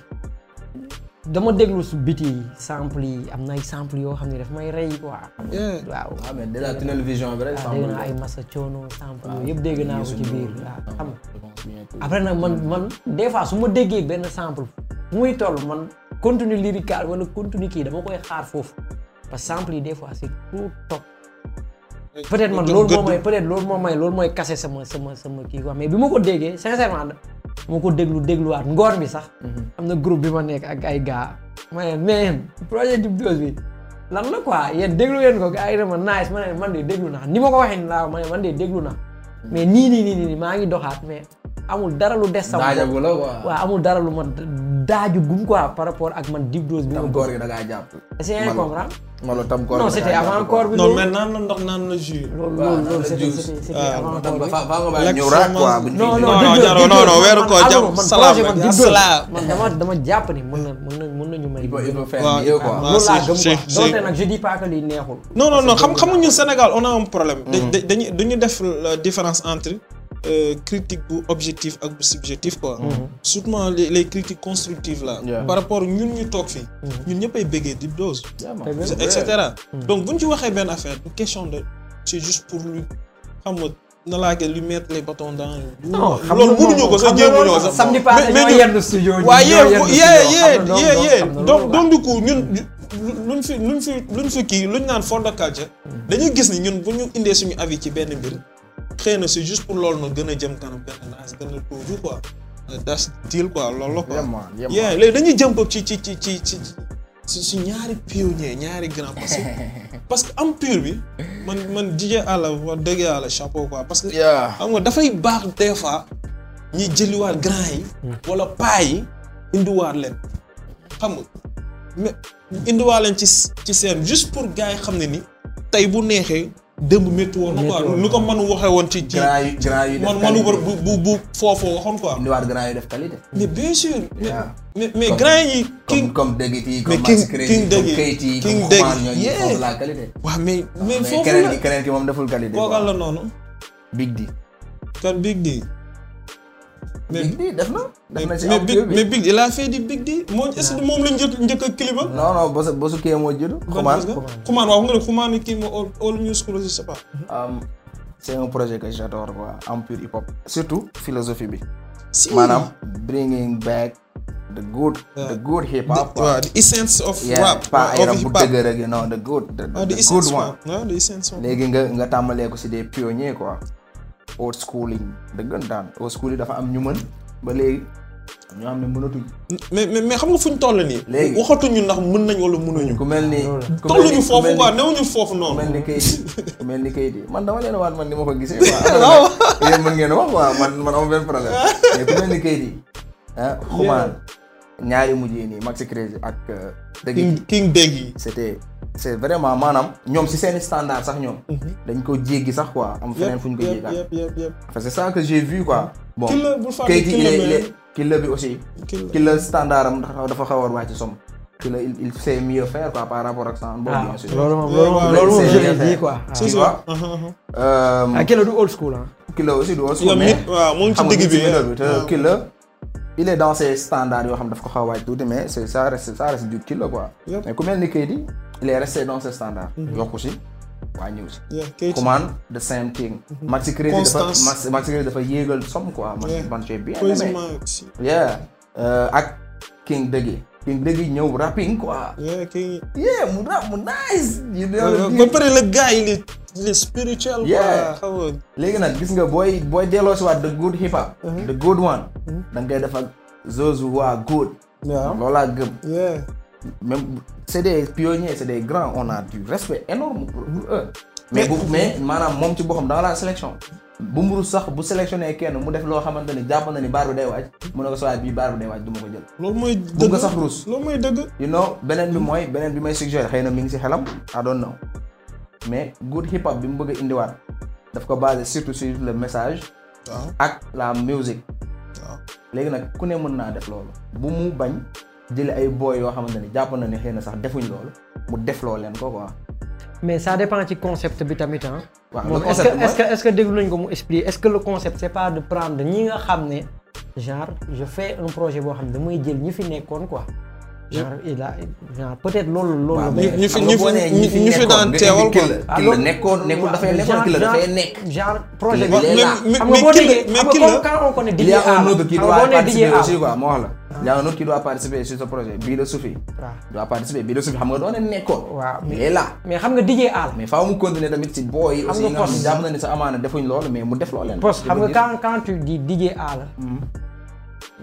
dama déglu su biti yi yi am na ay yoo xam ne daf may rey quoi. waaw waaw ah, mais de la tunnel vision bi rek. Ah, sample dégg naa ay masa coono sample ah, yooyu yëpp dégg naa ko ci biir waaw xam après nag man man des fois su ma déggee benn sample fu muy toll man. contenu lyrical wala contenu kii dama koy xaar foofu parce que sample yi des fois c'est trop top. peut-être man loolu moo may peut-être loolu moo may loolu mooy kase sama sama sama kii quoi mais bi ma ko déggee sincèrement ma ko déglu dégluwaat ngoor bi sax. Mhm. am na group bi ma nekk ak ay gars. ma mais projet Dip Doss bi lan la quoi yéen déglu yéen ko gars yi ne ma nice man de déglu naa ni ma ko waxee laa ma man de déglu naa mhm. mais nii nii nii maa ngi doxaat mais. amul dara lu des. sama bopp waaw amul dara lu ma daaju gum quoi par rapport ak man Dip Doz bi ma. tam koor gi da ngaa jàpp. c'est incompréhensible. malo tam koor non c'était avant koor bi. non mais naan la ndox naan la jus. loolu loolu loolu c'était c'était ah, avant koor bi. non non non non non weeru koor jàpp salaam man dama dama jàpp ni mën na mën na mën nañu may. il faut il faut faire mieux quoi. Ah, loolu laa gëm quoi donte nag je dis pas que lii neexul. non non non xam xamuñu Sénégal on a un problème. dañuy mm. dañuy def euh, différence entre. critique bu objectif ak bu subjectif quoi surtout les les critiques la là par rapport ñun ñu toog fii ñun ñëpp ay bëggee Deep Dose et cetera donc bu ñu ci waxee benn affaire du question de c'est juste pour lui xam nga na laa koy lui mettre les bâtons dans non xam loolu mënuñu ko sax jéemuñu ko sax samedi passé ñoo yenn studio waaye yee yee fi luñ fi fi kii luñ naan for the culture dañuy gis ni ñun bu ñu indee suñu avis ci benn mbir xëy na c'est juste pour loolu noonu gën a jëm kanam gën a naas gën a tooju quoi euh, das deal quoi loolu la quoi. vraiment vraiment léegi dañuy ci ci ci ci ci ci ci ñaari pionnier ñaari grand parce que am pur bi man man DJ Alla wax dëgg Yàlla chapeau quoi parce que. xam nga dafay baax des fois ñi jëliwaat grand yi. Hmm. wala paa yi indiwaat leen xam nga indiwaat leen ci ci seen juste pour gars yi xam ne ni tey bu neexee. démb métti woon. métti lu ko mën waxee woon ci. grand yi grand yi def qualité man bu bu bu foofoo waxoon quoi. ndiwaat grand yi def qualité. mais bien sûr. mais ah. mais grand yi. comme comme dëgg yi comme King la qualité. waaw ah, mais mais foofu la mais keneen ki keneen ki moom deful qualité. kooku la noonu. Big D. kan Big D. mais big def na. def na ci aw kii mais big il a fait du big deal. moom la njëkk njëkk a clip non non bosu bosu kii moo jiitu. xumaan xumaan waaw nga ne xumaan ni all new school je sais pas. Um, c' est un projet que j'adore quoi en pur hip hop. surtout philosophie bi. si maanaam bringing back. the good yeah. the hip hop. The, the essence of yeah, rap. pas ay bu dëgër ak non the good. the, ah, essence one. Ah, léegi nga nga tàmbalee ko si des pionniers quoi. old schooling dëggantaan old schooling dafa am ñu mën ba léegi ñoo xam ne mënatuñ. mais mais xam nga fuñ toll nii. léegi waxatuñu ndax mën nañ wala mënuñu. ku mel ni tolluñu mel ni kayit yi mel ni kayit yi man dama leen waat man ni ma ko gisee. waaw mën ngeen wax waaw man man amul benn problème. mais ku mel ni kayit yi ah xumaan ñaari mujj yi nii Maxi Crazy ak. Uh, King King Dengue. c'était c' est vraiment maanaam ñoom si seen standard sax ñoom. Mhm. dañ ko jéggi sax quoi am feneen fu ñu ko jéggaat. yëpp yëpp yëpp parce que ça que j'ai vu quoi. bon kayit yi am dafa xaw a wàcc som. killa il il sait mieux faire par rapport ak sànq. ah moom loolu moom je dis quoi. Ah. c'est ça uh-huh, uh-huh. Euh, ah killa du old school ah. killa aussi du old school mais. waaw mu ngi ci bi te killa. il est dans yoo xam daf ko xaw a waaj tuuti mais c'est ça reste ça reste du kilo quoi. mais ku mel ni Keyti il est resté dans ses standards. Mm-hmm. yokku si wàññiwu si. Keyti the same thing. Maxi mm-hmm. Crédit dafa dafa yéegal somme quoi. man man j'ai bien aimé. Euh, ak King Deggy. léegi ñëw rapping quoi. yeah kii. yeah mu rap mu nice. you know ba pare la gars yi li li spirituel. quoi xaw ma. léegi nag gis nga booy booy delloo si waat the good hip hop. Uh-huh. the good one. Uh-huh. da ngay def ak Zozu waa good. waaw loolaa gëm. yeah même c' est des pionniers c' est des grands on a du respect énorme pour uh-huh. eux. mais bu mais maanaam moom ci boppam dans la sélection. bu mburu sax bu sélectionné kenn mu def loo xamante ni jàpp na ni baar bi day waaj mu ne ko saa bii baar bi day waaj du ma ko jël. loolu mooy dëgg bu nga sax mooy dëgg. you know bi mooy beneen bi may suggéré na mi ngi si xelam I don't mais good hip hop bi mu bëgg indiwaat daf ko basé surtout sur le message. ak la musique. léegi nag ku ne mën naa def loolu. bu mu bañ jëlee ay boy yoo xamante ni jàpp na ni xëy na sax defuñ loolu mu def loo leen ko quoi. mais ça dépend ci concept bi tamit ah. waaw est-ce que est-ce que est-ce que déglu nañ ko mu expliquer est-ce que le concept pas de prendre ñi nga xam ne genre je fais un projet boo xam ne damay jël ñi fi nekkoon quoi. genre il a genre peut-être loolu loolu la. ñu fi ñu fi ñu fi daan teewal quoi. alors nekkoon nekkul dafay nekkoon kii la dafay nekk. genre projet bi lay laal xam nga boo déggee xam nga quand on connaît DJ Awa xam nga boo nee DJ Awa aussi quoi moo wax la. il y a un autre qui doit participer sur ce projet bii la Soufi. waaw doit participer bii la Soufi xam nga doon na nekkoon. waaw mais là. mais xam nga DJ Awa. mais faaw mu continuer tamit ci booy. aussi nga xam ne jàpp na ne sa amaana defuñ loolu mais mu def loolu leen. poste xam nga quand quand tu dis DJ Awa.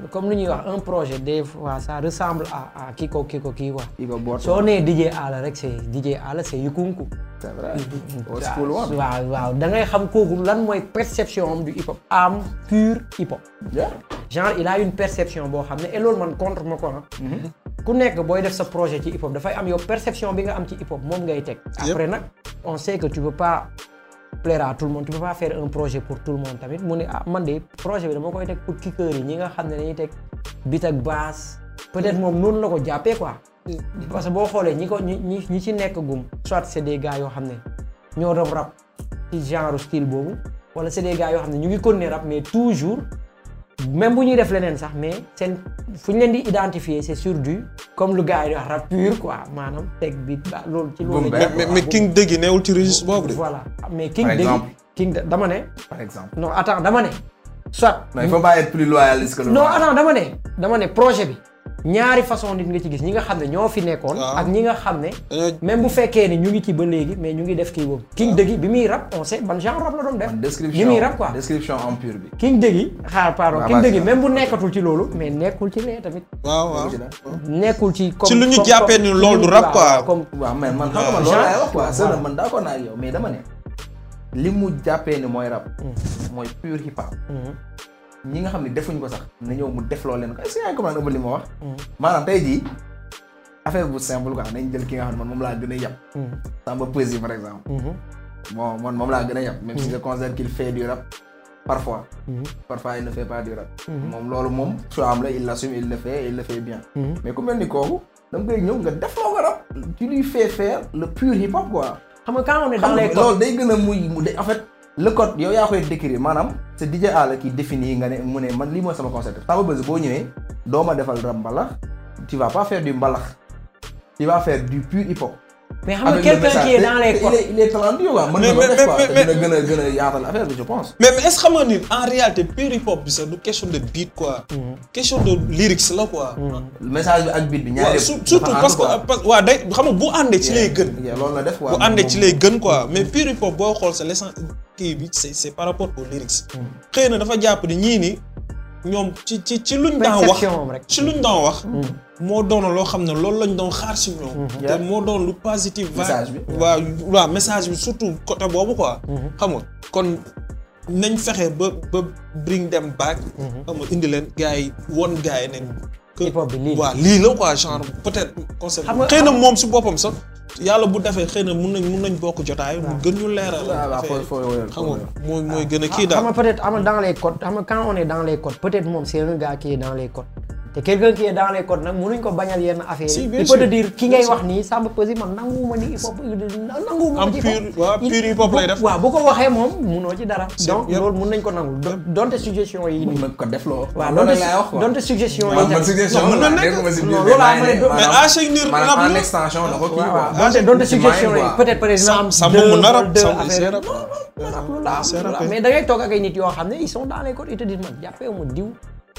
comme lu ñuy wax un projet des fois ça ressemble à à Kiko Kiko kii quoi. soo nee DJ Ala rek c' est DJ se c' est Yukunku. c' est vrai old ah, waaw waaw da ngay xam kooku lan mooy perception am du hip hop. am pur hip hop. genre il a une perception boo xam ne et loolu man contre ma ko mm-hmm. ku nekk booy def sa projet ci hip hop dafay am yow perception bi nga am ci hip hop moom ngay teg. après nag on sait que tu peux plaira à tout le monde tu peux pas faire un projet pour tout le monde tamit mu ne ah man de projet bi dama koy teg pour kickeur yi ñi nga xam ne dañuy teg bit ak basse peut-être moom noonu la ko jàppee quoi. parce que boo xoolee ñi ko ñi ñi ci nekk gum soit c'est des gars yoo xam ne ñoo doon rap ci genre style boobu wala c'est des gars yoo xam ne ñu ngi continuer rap mais toujours. même bu ñuy def leneen sax mais seen fu ñu leen di identifier c'est sur du comme lu gars yi di wax rap pur quoi maanaam teg bi ba loolu. ci loolu la mais mais King Dëggi newul ci registre boobu de. voilà mais King Dëggi King dama ne. par exemple non attends dama ne. soit. non il faut pas être plus loyaliste que. non dama ne. dama ne projet bi. ñaari façon nit nga ci gis ñi nga xam ne ñoo fi nekkoon ak ñi nga xam ne même bu fekkee ne ñu ngi ci ba léegi mais ñu ngi def kii boobu King Dëggi bi muy rap on sait ban genre la doon def bi muy rap quoi description bi King Dëggi xaar pardon King Dëggi même bu nekkatul ci loolu mais nekkul ci lee tamit waaw waaw nekkul ci comme ci lu ñu jàppee ni loolu du rap quoi comme waaw mais man xam nga loolu laay wax quoi sëna man d'accord naa yow mais dama ne li mu jàppee ni mooy rap mm. mooy pur hip hop mm-hmm. ñi nga xam ne defuñ ko sax na ñëw mu defloo leen ko est-ce que yaa ngi wax mm. maanaam tey jii affaire bu simple quoi nañ jël ki nga xam ne man moom laa gën a yab mm. Samba Peuzzi par exemple mm-hmm. bon moom a yab même si mm-hmm. je considère qu'il mm-hmm. loolu moom choix am la il l'assume il le fait il le fait bien mais ku mel ni kooku da nga ñëw nga defloo ko rap tu lui fais faire le pur hip hop quoi xam nga quand on est dans loolu day gën a muy mu day en le code yow yaa koy décrire maanaam c'est DJ A la qui définit nga ne mu ne man lii mooy sama concept Taba Buzz boo ñëwee doo ma defal rap mbalax tu vas pas faire du mbalax tu vas faire du pur hip mais xam nga quelqu'un qui est dans gën a gën bi xam nga ni en réalité pur sax du question de beat quoi. Mhm. question de lyrics la quoi. Mhm. message bi ak beat bi ñaareel. surtout parce que parce que waaw day xam nga bu àndee ci lay gën. def quoi bu àndee ci lay gën quoi mais pur hip boo xool sa l'essence kii bi ci c'est par rapport aux lyrics. Hmm. xëy na dafa jàpp ni ñii ni ñoom ci ci ci luñ daan wax ci luñ daan wax. Hmm. moo doon loo xam ne loolu lañ doon xaar si ñoom. Hmm. te moo doon lu positif. message waa waaw message bi surtout côté boobu quoi. xam nga kon nañ fexe ba ba bring them back. xam nga indi leen gars yi won gars yi ne. hip hop bi lii waaw lii la quoi genre peut-être concept xëy na moom su boppam sax yàlla bu defee xëy na mun nañ mun nañ bokk jotaay mu gën ñu leeral ah, xam nga mooy mooy ah. gën a kii daal xam nga peut-être am dans les codes xam nga quand on dans les codes peut-être moom c'est un gars qui est dans les codes te quelqu'un qui est dans les codes nag ko bañal yenn affaire yi. si bien dire ki ngay wax ni hip hop nanguwuma ci hip hop. am pur waaw pur hip hop lay def. waaw bu ko waxee moom munoo dara. donc loolu mun nañ ko nangu donte suggestion yi. mun nañ ko def loo. waaw loolu lay wax quoi donte suggestion yi. man suggestion la nekkuma si biir mais maa ngi ne suggestion yi peut-être par exemple. mu nar a Samba seera quoi. mais da ngay nit yoo xam ne ils sont dans les codes ils te disent man jàppee ma diw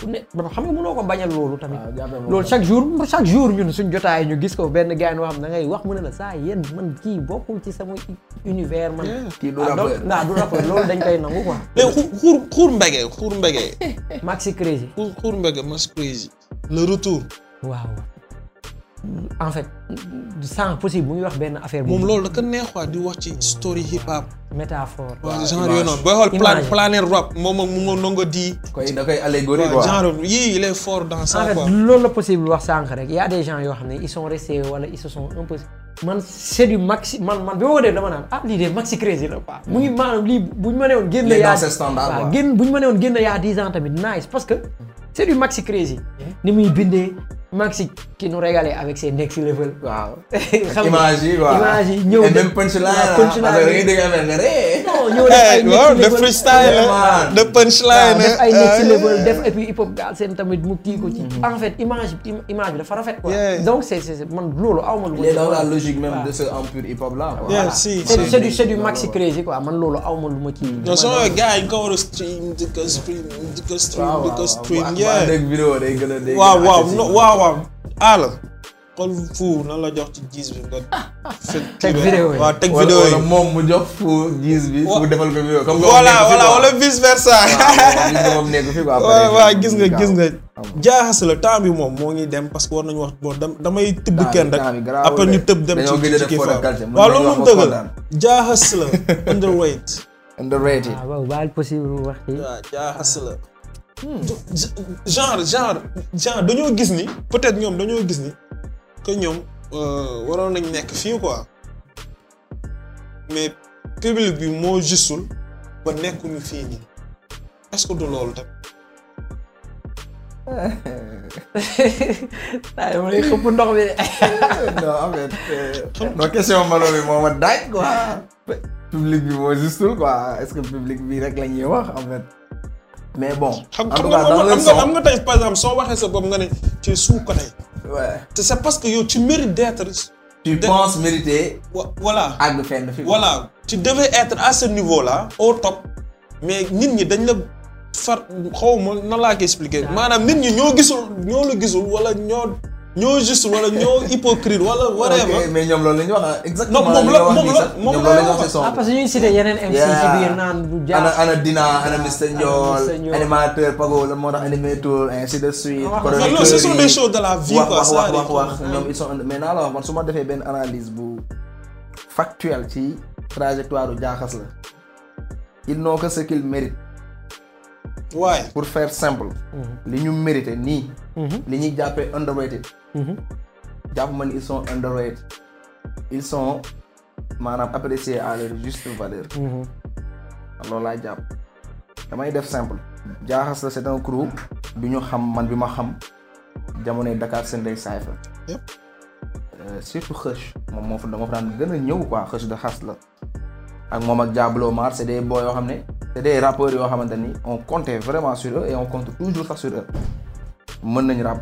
ku ne xam nga mënoo ko bañal loolu tamit ah, loolu chaque jour chaque jour ñun suñ jotaay ñu gis ko benn gars noo xam da wax mu ne la saa yéen man kii bokkul ci sama univers man kii du ah, rappeur naa ah, du rappeur loolu dañ koy nangu quoi léegi xuur xuur mbege xuur mbege maxi crazy xuur mbege maxi crazy le retour waaw en fait sans possible bu ñuy wax benn affaire. moom loolu dafa neex quoi di wax ci story hip hop. métaphore waaw genre yooyu noonu. booy moom moom mu nongo di. da koy allégorie quoi genre yii il est fort dans ça possible wax sànq rek y yoo xam ne ils sont restés man c'est du maxi man bi ma ko def dama naan ah, lii de maxi crazy la quoi. mu ngi maanaam ma nee woon génn yaa waaw génn bu ñu ma nee woon génn yaa ans tamit nice parce que c'est du maxi crazy. ni muy bindee. Maxi qui nous régalait avec ses next level. waaw xam nga image yi waaw image ñëw. la punchline def ay eh, next de eh, punchline def ay next level def eh. et hip hop gaal tamit mu kii ko ci. Mhm. en fait image image bi dafa rafet quoi. donc se est man loolu aw ma lu. il est dans la logique même de ce empire hip hop là quoi. bien si si c' est du c' est du maxi crazy quoi man loolu aw ma lu ma ci. non sama gars yi nga ko war a stream di ko stream di ko stream di ko stream. waaw waaw waaw ak waa dëgg vidéo day gën a. waaw waaw waaw aala xool fu na la jox ci gis bi nga. teg vidéo yi waaw teg vidéo yi moom mu jox fu gis bi. mu defal ko vidéo comme voilà voilà wala vice versa. moom nekk fi quoi. gis nga gis nga. jaaxas la temps bi moom moo ngi dem parce que war nañu wax bon damay tëbb kenn rek après ñu tëb dem ci ci kii fa waaw loolu moom dëgg la jaaxas underweight. underrated ah, waaw waaw Hmm. genre genre genre dañoo gis ni peut-être ñoom dañoo gis ni que ñoom euh, waroon nañ nekk fii quoi mais public bi moo gisul ba nekkuñu fii nii est-ce que du loolu tam. ah xëpp ndox mi non en euh, question malo bi moo ma daaj quoi. public bi moo gisul quoi est-ce bi rek la ñuy wax en fait. mais bon en tout cas dans le sens xam nga tey par exemple soo waxee sa bopp nga ne tu es sous côté. waaw te c' parce que yow ci mérites d' être. tu penses mériter. voilà àgg fenn fi. voilà tu devais être à ce niveau la au top mais nit ñi dañ la far xaw ma nan laa koy expliquer. maanaam nit ñi ñoo gisul ñoo la gisul wala ñoo. ñoo juste wala ñoo hypocrite wala whatever. ok mais ñoom loolu la ñu wax ah, exactement. moom la moom la moom la ñu wax ah parce que ñuy cité yeneen MC ci biir naan du jaar ana ana Dina ana Mister Ndiol animateur Pago la moo tax animateur ainsi de suite. Ah, non ce sont des choses de la vie quoi. wax wax wax wax ñoom ils sont mais naa la wax man su ma defee benn analyse bu factuelle ci trajectoire u jaaxas la. ils n'ont que ce qu'ils méritent. waaye pour faire simple. Mhm. li ñu mérité nii. Mm-hmm. li ñuy jàppee underrated mm-hmm. jàpp ma ni ils sont underrated ils sont maanaam appréciés à leur juste valeur mm-hmm. loolu laa jàpp damay def simple jaaxas la c'est un crew bi ñu xam man bi ma xam jamonoy Dakar seen day saay fa euh, surtout xëch moom moo fa dama fa daan gën a ñëw quoi xëch de xas la ak moom ak Diablo Mar c'est des yoo xam ne c'est des rappeurs yoo xamante ni on comptait vraiment sur eux et on compte toujours sax sur eux mën nañ rap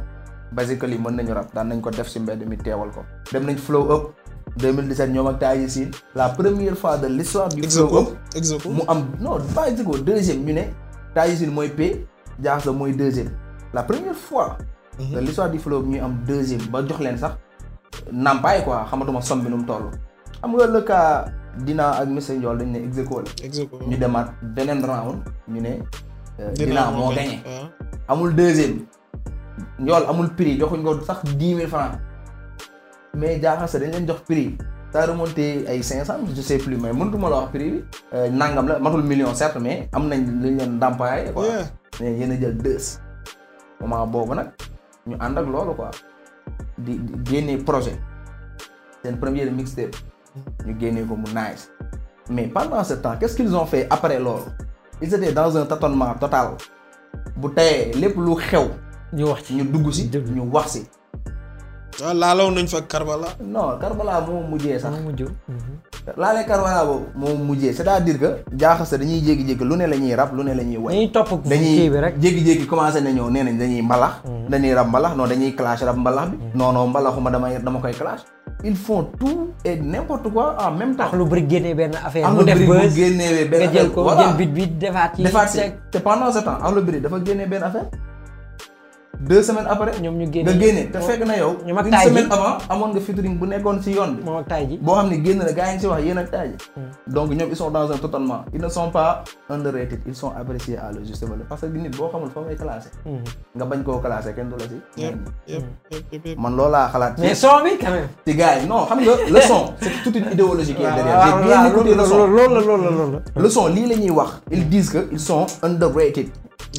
basically mën nañu rap daan nañ ko def si mbedd mi teewal ko dem nañ flow up 2017 ñoom ak Taïji Sine la première fois de l'histoire du flow up mu am non pas execo deuxième ñu ne Taïji Sine mooy P Jaxase mooy deuxième la première fois de mhm. l'histoire di flow up ñu am deuxième ba jox leen sax nampaay quoi xamatuma somme bi nu mu toll xam nga le cas Dina ak Mister Ndiol dañ ne execo la ñu demaat beneen round ñu ne euh, Dina moo gagné ah. amul deuxième njool amul prix joxuñ ko sax dix mille francs mais jaaxase dañ leen jox prix ça remonté ay cinq cent je sais plus mais mënutuma la wax prix bi euh, nangam la matul million certes mais am nañ luñ leen ndàmpaay quoi mais yéen a jël deux moment boobu nag ñu ànd ak loolu quoi di génne projet seen première mixtape ñu génne ko mu nice mais pendant ce temps qu'est-ce qu'ils ont fait après loolu ils étaient dans un total bu tayee lépp lu xew ñu wax ci ñu dugg si ñu wax si. waaw ah, laalaw nañ fa Karbala. non Karbala moo mujjee sax. moo mujj. Mhm. laalee Karbala boobu. moo mujjee c'est-à-dire que. jaaxase dañuy jékki-jékki lu ne la ñuy rab lu ne la ñuy. way dañuy topp kii bi rek dañuy jékki-jékki commencé nañoo nee nañ dañuy mbalax. Mhm. dañuy rab mbalax non dañuy clash rab mbalax bi. Mhm. non non mbalaxuma damay dama koy clash. ils faut tout et n'importe quoi en même tax lu bëri génnee benn am mu def bës nga jël ko jël bit bit defaat ci. defaat ci te pendant ce temps dafa génnee benn affaire. deux semaines après ñoom ñu génne nga génne te fekk na yow ñu mag taay ji nekkoon si yoon bi moom ak taay boo xam ne génn na gars yi si wax yéen ak taay hmm. donc ñoom ils sont dans un totalement ils ne sont pas underrated ils sont appréciés à leur juste parce que nit boo xamul foo koy hmm. nga bañ koo classé kenn du si man loolu xalaat mais bi quand même yi non xam nga le son c'est toute une idéologie qui est derrière ah, j'ai bien ah, écouté le wax ils disent que ils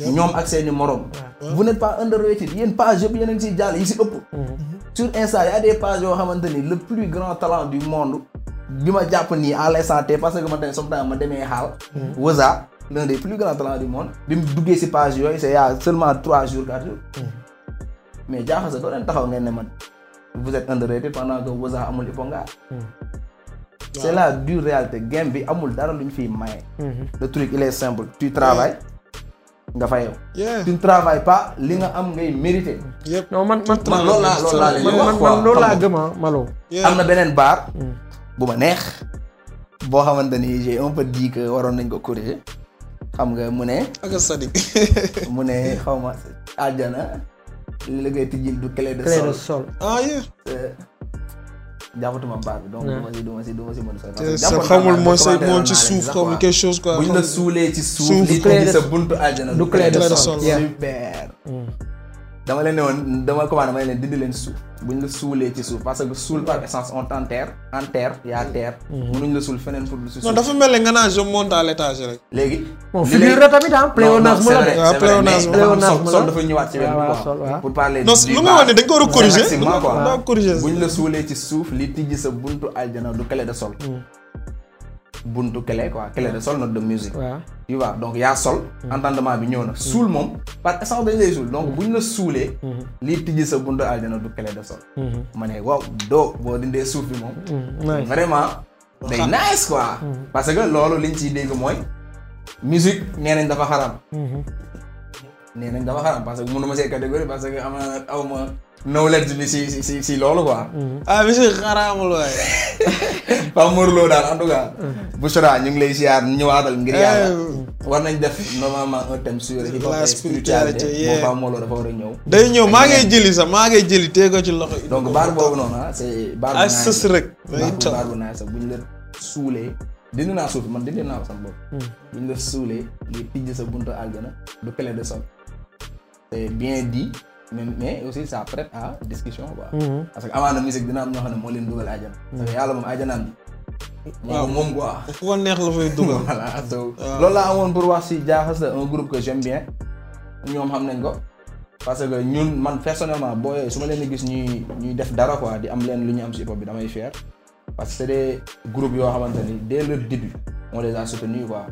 ñoom ak seeni morom. vous n'êtes pas underrated yéen page yëpp yéen a ngi jàll yi si ëpp. Mm-hmm. sur Insta y a des yoo xamante ni le plus grand talent du monde bi ma jàpp nii à l'instant T parce que man tamit sometimes ma demee xaal. Mm-hmm. Waza l'un des plus grands talents du monde bi mu duggee si page yooyu c'est y a seulement trois jours quatre jours. Mm-hmm. mais jaaxal sa doo leen taxaw ngeen ne man vous êtes underrated pendant que Waza amul Iponga. c'est la du réalité game bi amul dara lu ñu fiy maye. nga fayew tu ne travailles pas li nga am ngay mérité. yëpp non man man man loolu laa loolu laa ah, Malo. am na beneen baar. Mm. bu ma neex. boo xamante ni j'ai un peu waroon nañ ko corriger. xam nga mu ne. ak mu ne xaw ma aljana li la ngay tijjil du clé de sol ah, euh, jàpatuma baat bi donc du si du ma si du ma si mën a sori. moo ci suuf xamul quelque chose quoi. buñ la suulee ci suuf. suuf li sa buntu àjjana. du clé de sol super. Mm. dama leen ne woon dama commandé ma leen dindi leen suuf buñ la suulee ci que suul on t'enterre en terre y a terre. Mm-hmm. la pour lu si mel ne nga naan je monte à l'étage rek. léegi. bon la tamit ah. pléonasme la de ah, waaw pléonasme la sol suulee ci suuf li tijji sa buntu aljana du kale de sol. Mm. buntu clé quoi clé de sol note de musique. waaw tu a donc yaa sol. Mm. entendement bi ñëw na mm. suul moom. parce que loolu liñ ciy dégg mooy. musique nee dafa xaram. Mm-hmm. nee nañ dafa xaram parce que mënu ma see catégorie parce que am a aw ma knowledge bi si si si si a quoi. Mhm. ah monsieur xaraamul waay. Pape Mor Lo daal en tout cas. Mhm. ñu ngi lay ziar ñëwaatal ngir eh, yàlla. war nañ def normalement un thème sur hip hop spiritualité moom Pape Mor a ñëw. day ñëw maa ngay jëli sax maa ngay jëli tee ci loxo. donc baar boobu noonu ah c'est. baar ah, rek. day taw baar bu naay sax bu ñu la suulee. dindi naa suuf man dindi naa ko sama bopp. Mm. bu ñu la suulee ngay tijji sa buntu àjjana du clé de sol. c'est bien di mais mais aussi ça prête a discussion quoi. Mm-hmm. parce que avant na musique dina am ñoo xam ne moo leen dugal àjjana. Mm-hmm. parce que yàlla moom àjjanaam bi. moom quoi. ku ko neex la fay dugal. loolu laa amoon pour wax si Diakhasla un groupe que j'aime bien ñoom xam nañ ko. parce que ñun man personnellement boo su ma leen di gis ñuy ñuy def dara quoi di am leen lu ñu am si hip bi damay fier parce que c'est des groupes yoo xamante ni dès le début on les a soutenus quoi.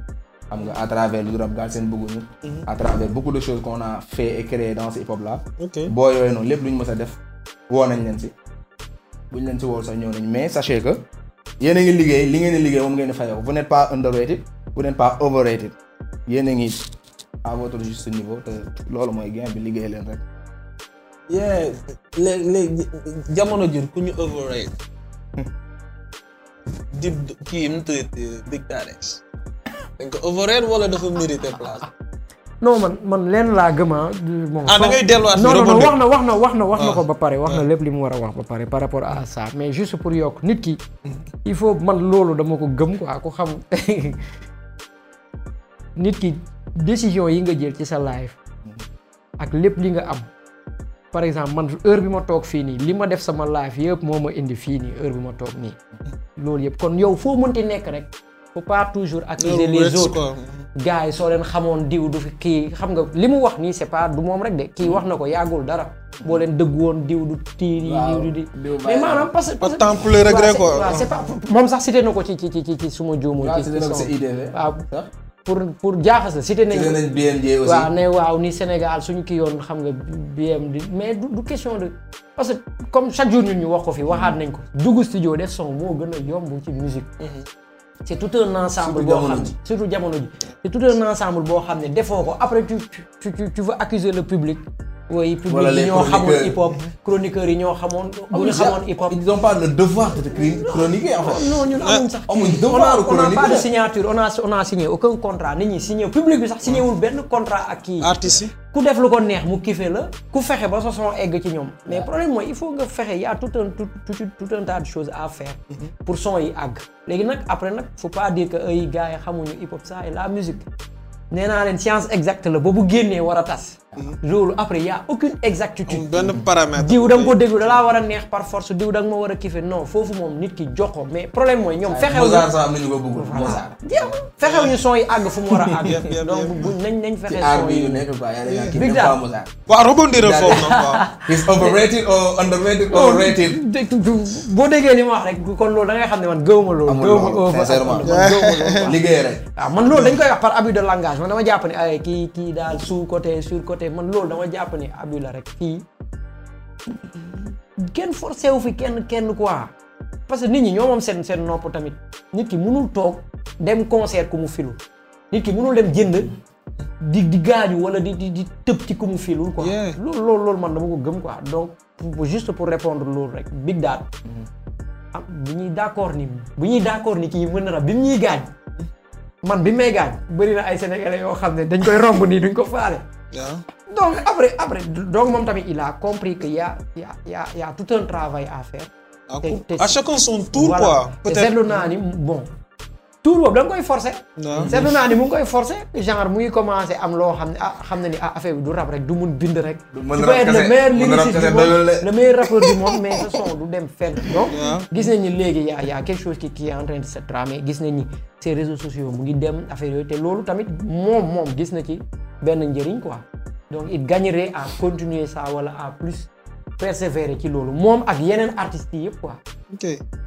xam nga à travers lu rap Galsen Bugg ñu mhm. à travers beaucoup de choses qu'on a fait et créé dans ce hip hop boo yooyu noonu lépp lu ñu mës a def woo nañ leen si buñ leen si woo sax ñëw nañ mais sachez que yéen a ngi liggéey li ngeen di liggéey moom ngeen di fayoo vous n'êtes pas underrated vous n'êtes pas overrated yéen a ngi à votre niveau te loolu mooy gain bi liggéey leen rek yeah léeg-léeg jamono jur ku ñu overrate hmm. dib kii mu tudd dañ ko wala dafa mérité place. non man man leen laa gëm ah. bon ah wax na wax na wax na wax na ko ba pare wax na ah. lépp li mu war a wax ba pare par rapport à ça mais juste pour yokk nit ki. il faut man loolu dama ko gëm quoi ku xam nit ki décision yi nga jël ci sa life ak lépp li nga am. par exemple man heure bi ma toog fii nii li ma def sama life yëpp moo ma indi fii nii heure bi ma toog nii loolu yëpp kon yow foo mënti nekk rek. faut pas toujours accuser les autres gars yi soo leen xamoon diw du kii xam nga li mu wax nii c'est pas du moom rek de kii wax na ko yàggul dara boo leen dëggoon diw du tiir yi diw du di mais que pas tant pour le regret moom sax na ko ci ci ci ci ci waaw pour pour jaaxas la cité nañu. nañ BMD aussi waaw ne waaw ni Sénégal suñu kii yoon xam nga BMD mais du question de parce que comme chaque jour ñun ñu wax ko fi waxaat nañ ko dugg studio def son moo gën a yomb ci musique mhm. c' est tout un ensemble boo xam ne surtout jamono ji c' est tout un ensemble boo xam ne defoo ko après tu tu tu veux accuser le public oui public yi ñoo xamoon hip hop chroniqueurs yi ñoo xamoon. bu ñu xamoon hip hop ils n'ont pas le devoir ah. amuñ sax amuñ devoir on a pas de signature on a on nit ñi signé public bi sax signé wul benn contrat ak kii. artistes yi ku def lu ko neex mu kife la ku fexe ba sa son egg ci ñoom. mais problème mooy il faut nga fexe y a tout un tout tout tas de choses à faire. Mhm. pour son yi àgg. léegi nag après nag faut pas dire que ay gars xamuñu hip hop ça et la musique nee naa leen science exacte la ba bu génnee war a tas. loolu après y' a aucune exactitude. benn paramètre diw da nga ko déglu da laa war a neex par force diw da nga ma war a kiffé non foofu moom nit ki jox ko mais problème mooy ñoom. fexew ñu son yi àgg fu mu war a àgg. donc boo déggee li ma wax rek kon loolu da ngay xam ne man gëwuma loolu. amul loolu euh, rek. waaw ah, man loolu dañ koy wax par abus de man dama jàpp ne kii kii daal sous côté sur côté côté man loolu dama jàpp ni abus la rek fii kenn forcé fi kenn kenn quoi parce que nit ñi ñoo moom seen seen nopp tamit nit ki mënul toog dem concert ku mu filul nit ki mënul dem jënd di di gaaju wala di di di tëb ci ku mu filul quoi. loolu loolu loolu man dama ko gëm quoi donc juste pour répondre loolu rek big daal. Mm-hmm. ah bu ñuy d'accord ni bu ñuy d'accord ni kii mën na rab bi mu ñuy gaañ man bi may gaañ bëri na ay sénégalais yoo xam ne dañ koy romb nii duñ ko faale. donc après après donc mom tamit il a compris que y a y tout un travail à faire. Ah, à chacun son tour quoi. peut-être seetlu naa bon. tour boobu da nga koy forcer. seetlu naa ni mu ngi koy forcer genre mu ngi commencé am loo xam ne ah xam na ni a ah, affaire bi du rap rek du mun bind rek. du mën rap kese mën rap kese du mais sa dem fenn. gis nañ ni léegi y' a y' a quelque chose qui gis nañ ni ces réseaux mu ngi dem affaire yooyu te loolu tamit moom moom gis na ci benn njëriñ quoi donc it gagnerait à continuer saa wala à plus. persévérer ci loolu moom ak yeneen artistes yi yëpp quoi. ok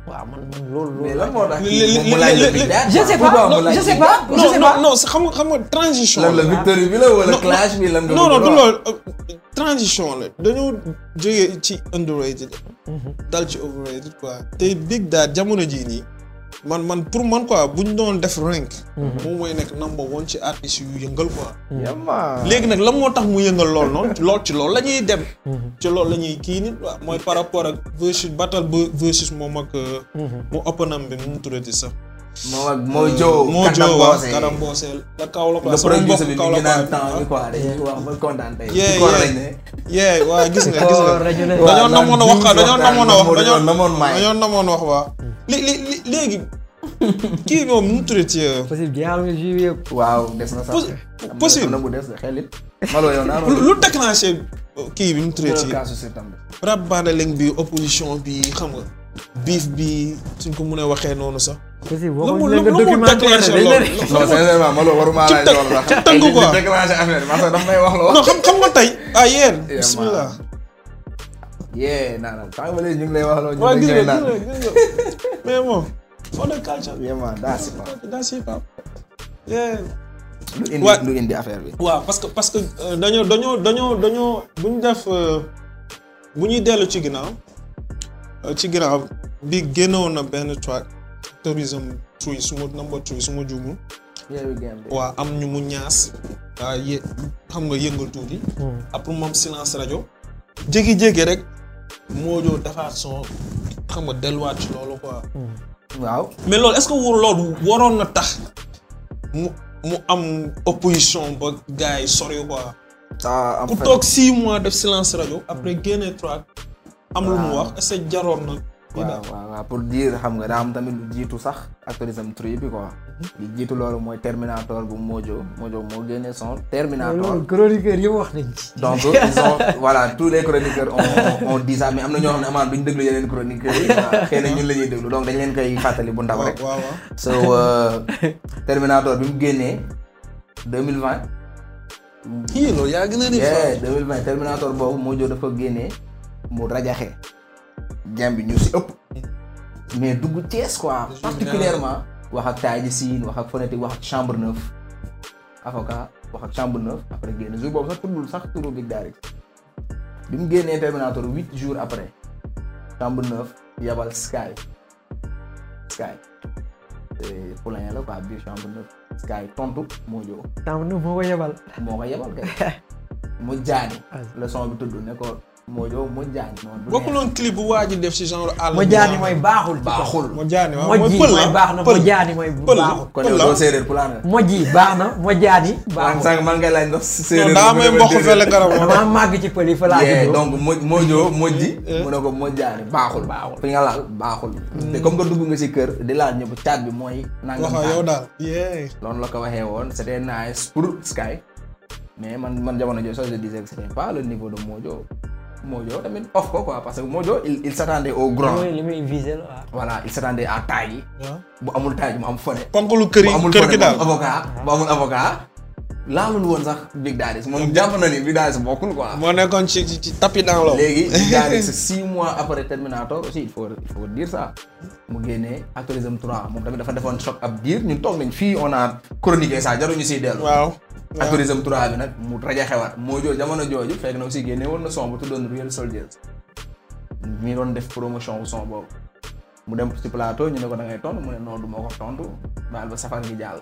waaw man man loolu loolu. xam xam nga transition. lan la victoire bi la wala clash bi lan nga. non non du loolu transition la dañoo ci underrated. Mhm. dal ci overrated quoi. te Big Dad jamono jii nii. man man pour man quoi bu ñu doon def rank mhm. moom mooy nekk number one ci artistes yu yëngal quoi. Mhm. léegi nag la moo tax mu yëngal lool noonu lool ci loolu lañuy ñuy dem. Mhm. ci loolu la ñuy kii nit waaw mooy par rapport ak versus battle versus moom ak. Euh, mu opponent bi mu tuddati sax. moo ak moo joo. moo joo waaw kanam boose la kaw la quoi sama mbokk kaw la quoi wax kontaan tey. yee waa gis nga gis nga. Oh, dañoo namoon a wax dañoo namoon a wax dañoo namoon wax waa. léegi léegi kii moom nu mu tuddati. Euh, possible gi waaw des na sax. possible am na bu des xel it. Malo yow naa lu euh, kii bi nu mu tuddati. rab Bandaleng bi opposition bi xam nga. biif bi suñ ko mënee waxee noonu sax. aussi boo ko jëlee nga documenté non sincèrement Malo waruma sax. ci tënk quoi ay nit ñi déclenché affaire bi parce que daf may wax loo. non xam xam nga tey. ah yéen bismillah yee na tant que ñu ngi lay wax loolu. ñu ngi affaire bi. waaw parce que parce que euh, dañoo dañoo dañoo dañoo bu ñu def euh, bu ñuy dellu ci ginnaaw euh, ci ginnaaw bi génnoon na benn track tourism three su ma number three su ma juumul. waaw am ñu mu ñaas. waaw xam nga yëngal tuuti. Hmm. après moom silence rajo. jékki-jékki rek Modou dafa son xam nga delluwaat loolu quoi. waaw mais loolu est-ce que loolu waroon na tax mu mu am opposition ba gars yi sori quoi. ah ku toog six mois def silence rajo après mm. génne trois am lu mu wax est-ce que jaroon na. waaw pour dire xam nga daa am tamit lu jiitu sax activisme tri bi quoi. li jiitu loolu mooy Terminator bu Mojo Mojo moo génne son Terminator chroniqueurs yow wax nañ donc ils ont tous les chroniqueurs on on am na ñoo xam ne amaan duñ déglu xëy na ñun la ñuy déglu donc dañ leen koy fàttali bu ndaw rek. waaw so euh, Terminator bi mu génnee deux mille vingt. kii ni. deux mille boobu Mojo dafa génnee mu rajaxe jàmm ñu si ëpp. mais dugg Thiès quoi particulièrement wax ak taay ji siin wax ak phonétique wax ak chambre neuf avocat wax ak chambre neuf après génn jour boobu sax turu Big Daary bi mu génnee Terminator huit jours après chambre neuf yabal Sky Sky poulain la quoi biir chambre neuf Sky tontu moo joo. chambre neuf moo ko yebal. moo ko yebal kay mu jaani. le bi tudd ne Mojo Mojaani. bokkul woon clip bu waa ji def si genre àll. Mojaani mooy baaxul. baaxul Mojaani waaw mooy pël la baax na Mojaani mooy baaxul. kon yow doo séeréer pulaar nga. Moji baax na Mojaani. baaxul sànq man ngay laaj ndox séeréer. daa may mboq fële garab damaa màgg ci pël yi fa laa juddoo. donc Mojo Moji. Eh. mu ne ko Mojaani baaxul. baaxul fi nga laal baaxul. Hmm. te comme nga dugg nga si kër di laal ñëpp caat bi mooy. nanga waaw yow daal. loolu la ko waxee woon te nice pour Sky mais man man jamono jooju sax je disais que c'était pas le niveau de Mojo Mojo tamit of ko parce que moo il il s'attendait au grand. li il s'attendait à taille. bu amul taille mu am fone. konkalu kër yi kër gi daal amul avocat bu amul avocat. laalul woon sax Big Daddy moom jàpp na ni Big Daddy bokkul quoi. moo nekkoon ci ci tapis dans l'eau. léegi Big six mois après Terminator aussi il faut il faut dire ça mu génnee Actualism 3 moom tamit dafa defoon choc ab diir ñun toog nañ fii on a chroniqué ça jaruñu siy dellu. waaw Actualism 3 bi nag mu raja xewaat moo jooju jamono jooju fekk na aussi génne woon na son bu tuddoon Real Soldiers mi doon def promotion wu mu dem ci plateau ñu ne ko da ngay tontu mu ne non du ma ko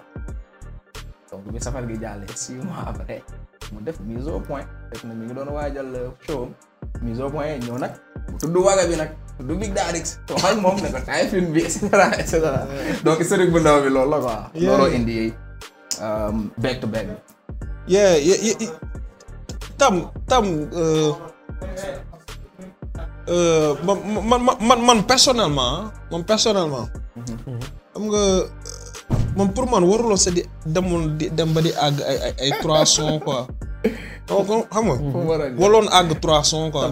donc bi safar gi jàllee six mois après mu def mise au point fekk na mi ngi doon waajal euh, showam mise au point ñëw nag mu tudd waga bi nag tudd Big Darix waxal moom ne ko taay film bi et cetera et cetera donc historique bu ndaw bi loolu la quoi. looloo indi euh, back to back bi. yee tam tam. Euh, man man man man personnellement man personnellement. Mm-hmm. xam nga. moom pour man waruloo sa di dem ba di àgg ay trois sons quoi. xam nga. waloon àgg trois sons quoi.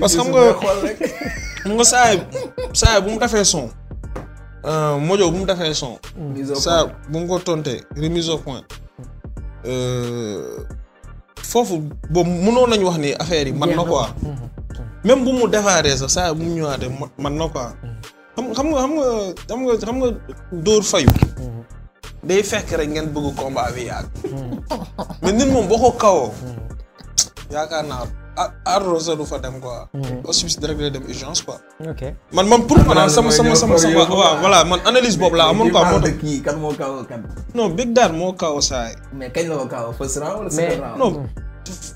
parce que xam nga xam nga saa bu mu defee son. Euh, mojo bu mu defee son. saa bu mu ko tontee remise au point. Euh, foofu boobu mënoon nañu wax ni affaire yi man na quoi. Mhm. même bu mu defaaree sax saa yi bu mu ñëwaatee man na quoi. Mhm. xam xam nga xam nga xam nga xam nga dóor fayu. Mm-hmm. day fekk rek ngeen bëgg combat bi yàgg. Mm-hmm. nit moom boo ko kawoo. Mm-hmm. yaakaar naa ar arroser du fa dem quoi. hospice direct lay dem urgence quoi. man man pour ma sama sama sama sama waaw voilà man analyse boobu laa amoon quoi moo tax. kii kan moo kawoo moo kawoo saay. mais kañ la ko kawoo first round wala second round.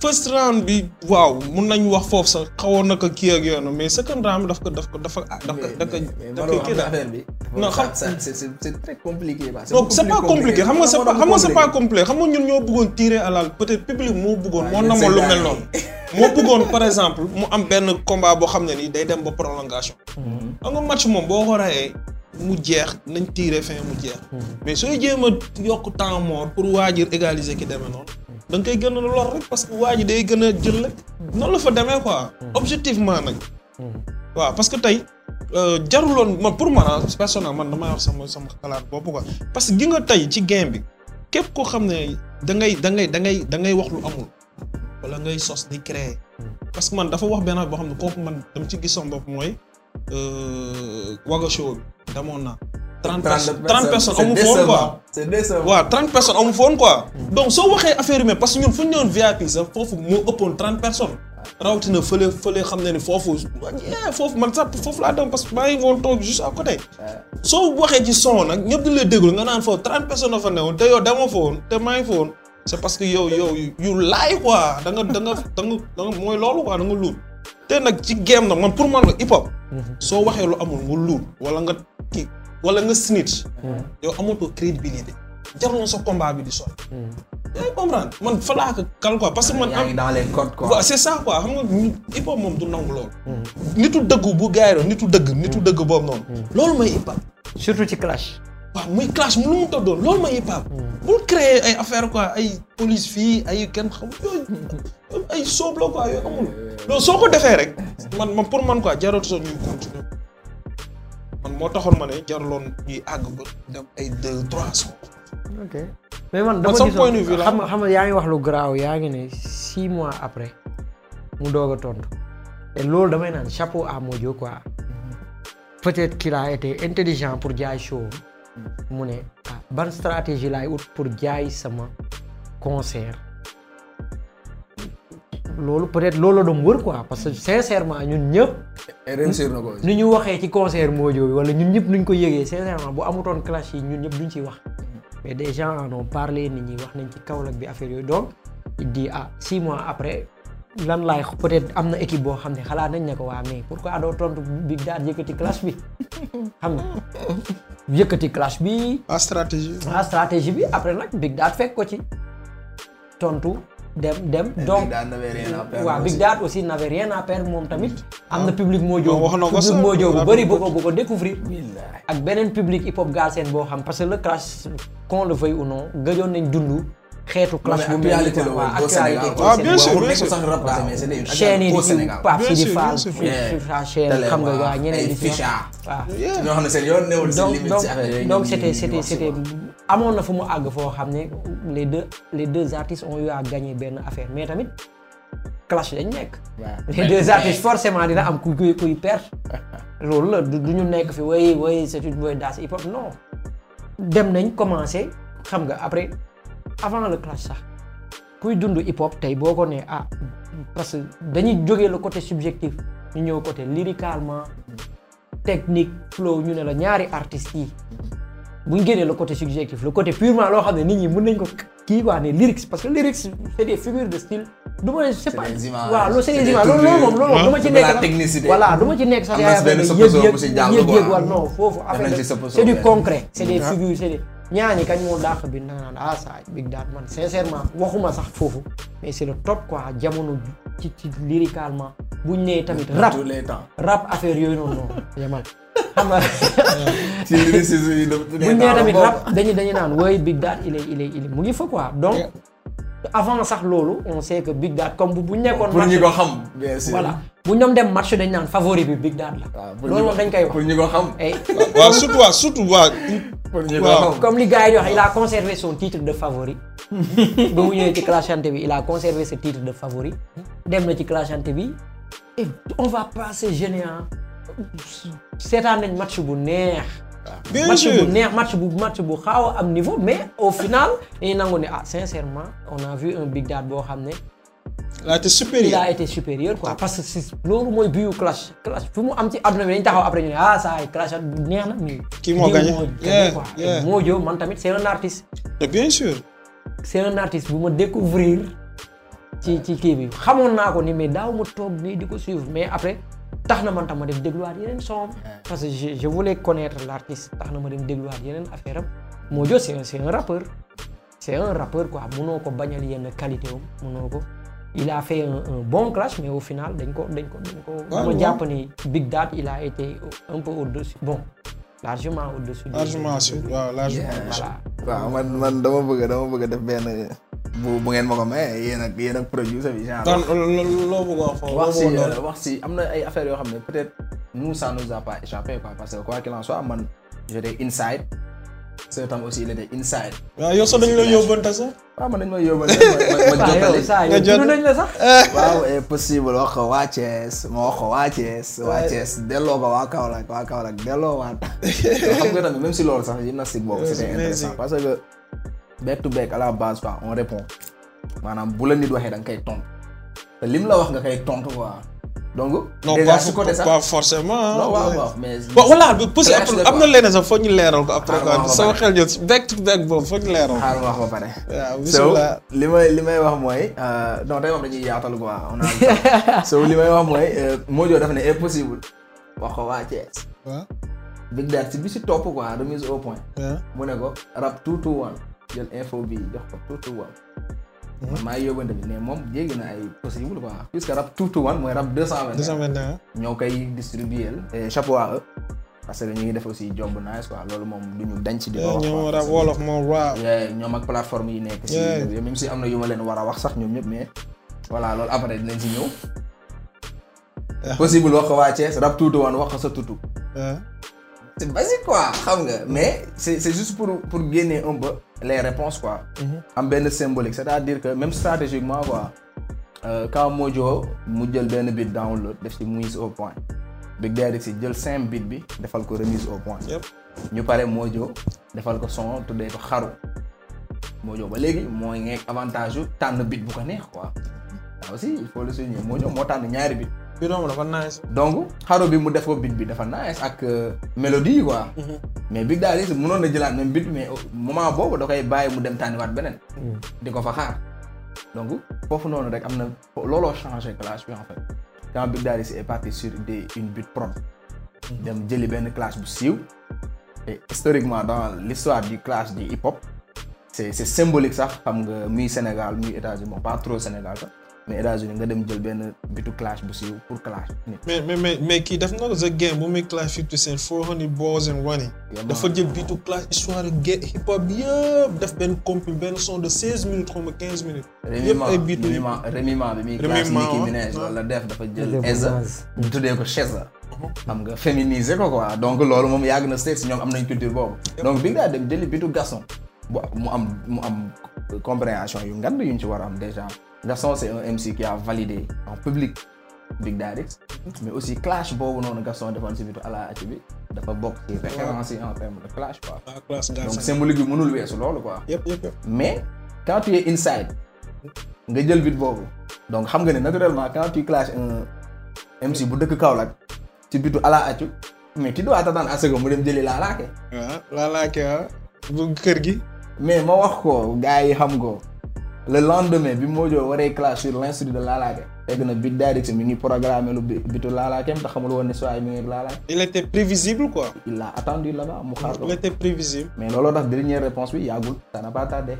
first round bi waaw mun nañu wax foofu sax xawoon na ko kii ak yoonu mais second round bi daf ko daf ko dafa. dafa ah, dafa kii daal non xam c'est très compliqué. non c'est pas compliqué xam nga c'est pas xam nga c'est pas compliqué xam nga ñun ñoo bëggoon tirer à l'al peut-être public moo bëggoon ah, moo namoon lu mel noonu. moo bëggoon par exemple mu am benn combat boo xam ne nii day dem ba prolongation. Mm-hmm. xam nga match moom boo ko rayee mu jeex nañ tirer fin mu jeex. Mm-hmm. mais sooy jéem a yokk temps mort pour waajur égaliser ki demee noonu. da nga koy gën a lor rek parce que waa ji day gën a jël rek noonu la fa demee quoi. Hmm. objectivement nag. Hmm. waaw parce que tey euh, jaruloon man pour man personnel man damay wax sama xalaat bopp quoi parce que gi nga tey ci game bi képp koo xam ne dangay ngay da ngay da ngay da ngay wax lu amul wala ngay sos di créer hmm. parce que man dafa wax benn boo xam ne kooku man dama ci gis sama bopp mooy euh, waga show bi demoon naa. 30 personnes 30 personnes amu foon quoi. c' est décevant waaw 30 personnes amu foon quoi. donc soo waxee affaire humaine parce que ñun fu ñu ñëwoon sax foofu moo ëppoon 30 personnes. rawatina fële fële xam ne ni foofu foofu man sax foofu laa dem parce que maa ngi woon toog juste à côté. soo waxee ci son nag ñëpp di la déglu nga naan foofu 30 personnes la fa newoon te yow demoo fa woon te maa ngi fa woon. parce que yow yow yu laay quoi da nga da mooy loolu quoi da nga te nag ci game na man pour man la hip hop. Mhm. soo waxee lu amul nga luul wala nga kii. wala nga snitch. Hmm. yow amatoo crédibilité. jarul sa combat bi di sori. Hmm. yaa ngi comprendre man fa laa kal quoi parce que man. yaa ngi dans les codes quoi. waaw c'est ça quoi xam nga hip hop moom du nangu loolu. Hmm. nitu dëgg bu gaayro nitu dëgg. nitu dëgg boobu moom loolu mooy hip hop. surtout ci clash. waaw muy clash mu lu mu loolu mooy hip hop. bul créer ay affaire quoi ay police fii ay kenn xam yooyu ay soob la quoi yooyu amul. loolu soo ko defee rek. man man pour man quoi jarul sa ñuy continuer. man moo taxoon ma ne jaruloon ñuy àgg ba dem ay deux trois cent. ok mais man dama gisoon xam nga yaa ngi wax lu garaaw yaa ngi ne six mois après mu doog a tontu loolu damay naan chapeau à Modio quoi peut-être qu'il a intelligent pour jaay show mu ne ah ban stratégie laay ut pour jaay sama concert loolu peut-être loolu la doon wër quoi parce que sincèrement ñun ñëpp. réussir hmm? na ko nu ñu waxee ci concert Modio bi wala ñun ñëpp nuñ ko yëgee sincèrement bu amutoon clash yi ñun ñëpp duñ ciy wax hmm. mais des gens en ont parlé nit ñi wax nañ ci Kaolack bi affaire yooyu donc il ah six mois après lan laay peut am na équipe boo xam ne xalaat nañ ne ko waa mais pourquoi doo tontu Big Dad yëkkati clash bi xam nga yëkkati clash bi. ah après nag Big Dad fekk ko ci tontu. dem dem donc waaw Big Dad aussi n'avait rien à perdre moom tamit am na public moo jow public moo jow bu bëri bu ko bu ak beneen public hip hop galsen boo xam parce que le clash qu'on le veuille gëjoon nañ dund xeetu classe bu mel nii quoi di ah, ah, ci eh, xam nga waaw ne seen yoon newul si limite si na fu mu àgg foo xam ne les deux les deux artistes ont benn affaire mais tamit clash dañ nekk. les deux artistes forcément dina am ku kuy perte. loolu la du ñu nekk fi way way c'est une boy danse hip hop non. dem nañ commencé xam nga après. avant le clash sax kuy dund hip hop tey boo ko nee ah parce que dañuy jógee la côté subjectif ñu ñëw côté lyricalement technique flow ñu ne la ñaari artistes yi bu ñu génnee le côté subjectif le purement loo xam ne nit ñi mën nañ ko kii quoi ne lyrics parce que lyrics c'est des figures de style. du ma c'est pas waaw loolu c'est des images loolu moom loolu moom du ma ci nekk voilà du ma ci nekk sax yaay yëg yëg yëg wala non foofu après c'est ñaani kañ moo dàq bi nag naan ah saa big daat man sincèrement waxuma sax foofu mais c'est le top quoi jamono ci ci lyricalement buñ nee tamit rap rap affaire yooyu noonu noonu yemal xam nga ci lyricisme yi buñ nee tamit rap dañu dañu naan wooy big daat il est il mu ngi fa quoi donc avant sax loolu on sait que big daat comme bu ñu nekkoon pour ñi xam bien bu ñoom dem match dañ naan favori bi big daat la ah, loolu moom dañ koy wax pour ñi xam eh. waaw waaw comme li gars yi di wax il a conservé son titre de favori. ba mu ñëwee ci clashante bi il a conservé ce titre de favori. dem na ci clashante bi. on va passer génial. seetaan nañ match bu neex. match bu neex match bu match bu xaaw a am niveau mais au final dañuy nangu ne ah sincèrement on a vu un big dad boo xam ne. il a été supérieur il a été supérieur quoi parce que si loolu mooy biu clash clash fu mu am ci àdduna bi dañu taxaw après ñu ne ah ça neex na mais. moo joo man tamit c'est un artiste. bien sûr. c'est un bu ma découvrir ci ci kii bi xamoon naa ko ni mais daaw ma toog nii di ko suivre mais après tax na man tam ma dem dégluwaat yeneen son parce que je je connaitre connaître l'artiste tax na ma dem dégluwaat yeneen affaire am Mojo c'est un c'est un rappeur c'est un rappeur quoi mënoo ko bañal yenn qualité am mënoo ko. il a fait un, bon clash mais au final dañ ko dañ ko dañ ko. jàpp ni Big Dad il a été un peu au-dessus bon. largement au-dessus. largement au-dessus waaw largement au-dessus. waaw man man dama bëgg dama bëgg def benn. bu bu ngeen ma ko maye yéen ak yéen ak producer bi genre. kon loo bëgg a xool wax si wax si am na ay affaires yoo xam ne peut-être nous ça nous a pas échappé quoi parce que quoi qu'il en soit man j'étais inside. sa tam aussi il de inside. waaw yow sax dañu la yóbbante sax. waaw man ma yóbbante ma jotali sax. waaw est eh, possible wax ko waa Thiès ma wax ko waa Thiès. delloo ko waa Kaolack waa Kaolack delloo waa. xam nga tamit même si loolu sax gymnastique boobu si intéressant parce que back to back à la base quoi on répond maanaam bu la nit waxee da nga koy tontu te lim la wax nga koy tontu quoi. donc déjà su côté sax non pas forcément non waaw waaw mais. voilà Pouchy am na leneen sa foo ñu leeral ko après. Ah, waaw sama xel ñëw back to back boobu foo ñu leeral ko. xaaral ah, wax ba pare. waaw li may li may wax mooy. Euh, non tey moom dañuy yaatal quoi on a. so li may wax mooy euh, moo joo dafa ne impossible. wax ko waa Thiès. waaw. Big Dad si bi si topp quoi remise au point. mu ne ko rap two two one jël info bi jox ko two two one. man maa ngi bi mais moom jéggi na ay possible quoi. puisque rap two to one mooy rab deux cent vingt. deux cent vingt et un ñoo koy distribuer eh, chapeau à eux parce que ñu ngi def aussi job nice quoi loolu moom du ñu dañ ci di ko eh, wax ñoom rap wolof moom rap. Eh, ñoom ak plateforme yi nekk si. si am na yu ma leen war a wax sax ñoom ñëpp mais voilà loolu après dinañ si ñëw. possible wax ko waa Thiès rap two to one wax ko sa tutu. c'est basique quoi xam nga mais c'est c'est pour pour génne un peu les réponses quoi. Mhm. am benn symbolique c'est-à-dire que même stratégiquement quoi euh, quand Mojo mu jël benn bit download def ci mise au point Big di si jël cinq bit bi defal ko remise au point. ñu pare Mojo defal ko son tuddee ko xaru Mojo ba léegi mooy nekk avantage yu tànn bit bu ko neex quoi. aussi il faut le souligner Mojo moo tànn ñaari bit. bi romb dafa nice. donc xaro bi mu def ko bit bi dafa nice ak euh, mélodie yi quoi. Mhm. mais Big Daddy mënoon na jëlaat même bit mais moment boobu da koy bàyyi mu dem tànniwaat beneen. Mhm. di ko fa xaar. donc foofu noonu rek am na looloo changé clash bi en fait quand Big Daddy est parti sur des une beat propre. Mhm. dem jëli benn clash bu siiw. et historiquement dans l'histoire du clash du hip hop. c'est symbolique sax xam nga muy Sénégal muy États-Unis pas trop Sénégal sax. mais États-Unis nga dem jël benn bitu clash bu siiw pour clash. mais mais daf na the game bu muy clash fifty cent four hundred balls and running. dafa jël bitu clash histoire ge hip hop yëpp def benn compil benn son de seize minutes xaw ma quinze minutes. yëpp ay bitu rémiment rémiment bi muy clash Nicki def dafa jël Eza. bu tuddee ko Cheza. xam nga féminiser ko quoi donc loolu moom yàgg na States ñoom am nañ culture boobu. donc bi nga dem jëli bitu Gasson. mu am mu am compréhension yu ngand yu ñu ci war a am déjà. Gaston c'est un MC qui a validé en public Big Direct mais aussi clash boobu noonu Gaston defoon si biir ala ci bi dafa bokk ci référence yi en terme de clash quoi. Ah, donc symbolique bi mënul weesu loolu quoi. mais quand tu es inside nga jël bit boobu donc xam nga ne naturellement quand tu clash un MC bu dëkk Kaolack ci bitu ala acu mais tu dois t'attendre à ce que mu dem jëli laalaake. waaw ah, laalaake ah, bu kër gi. mais ma wax ko gars yi xam ko. le lendemain bi Mojo waree classe sur l'instru Laalaake fekk na Big Daddy X mi ngi programmé lu bitu Laalaakeem te xamul woon ne soit mi ngi Laalaake. il était a attendu là mais looloo tax dernière réponse bi yàggul ça n'a pas tardé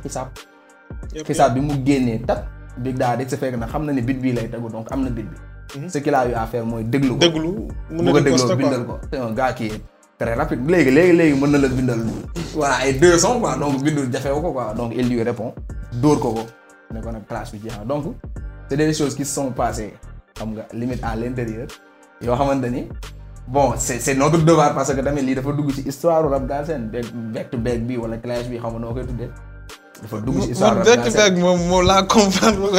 bi mu génnee tat Big Daddy X fekk na xam na ne bit bii lay tegu donc am na bit bi. Mhm. ce qu'il a eu à faire mooy déglu ko. déglu mën na ko dégloo bindal ko. c'est un gars très rapide léegi léegi léegi mën na la bindal. voilà ay deux sons quoi donc bindul jafewu ko quoi donc il lui répond ko ko. ne ko nag place bi jeex donc c'est des choses qui sont passées xam nga limite à l'intérieur yoo xamante ni bon c'est c'est notre devoir parce que tamit lii dafa dugg ci histoire rap Galsen beeg back to back bi wala clash bi xam nga noo koy tuddee. dafa dugg ci histoire rap laa comprendre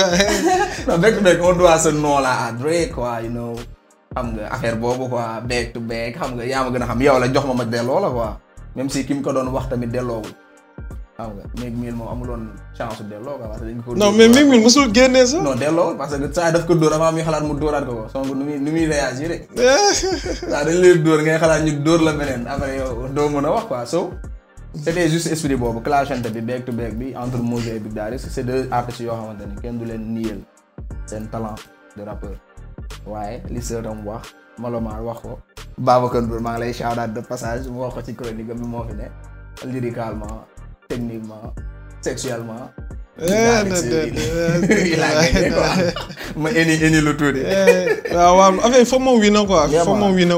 to back on doit ce nom là à Dre quoi you know xam nga affaire boobu quoi back to back xam nga yaa ma gën a xam yow la jox ma ma delloo la quoi même si ki mu ko doon wax tamit delloowul xam nga Meek Mill moom amuloon chance delloo quoi parce que dañ ko. non mais Meek Mill mosul génnee sax. non delloo parce que saa daf ko dóor avant muy xalaat mu dóoraat ko ko song muy nu muy réagir rek. waaw xalaat ñu dóor la beneen après yow doo mën a wax quoi so. c'était juste esprit boobu bi back to back bi entre Mojé et Big Daddy c'est kenn du leen niyeel seen talent de rappeur waaye li Seydou wax Malomar wax ko Babacar Ndour maa ngi lay shout de passage mu wax ko ci chronique bi moo fi ne lyricalement. techniquement sexuellement. ma indi indi lu tuuti. waaw waaw affaire foofu moom wii na quoi. foofu moom wii na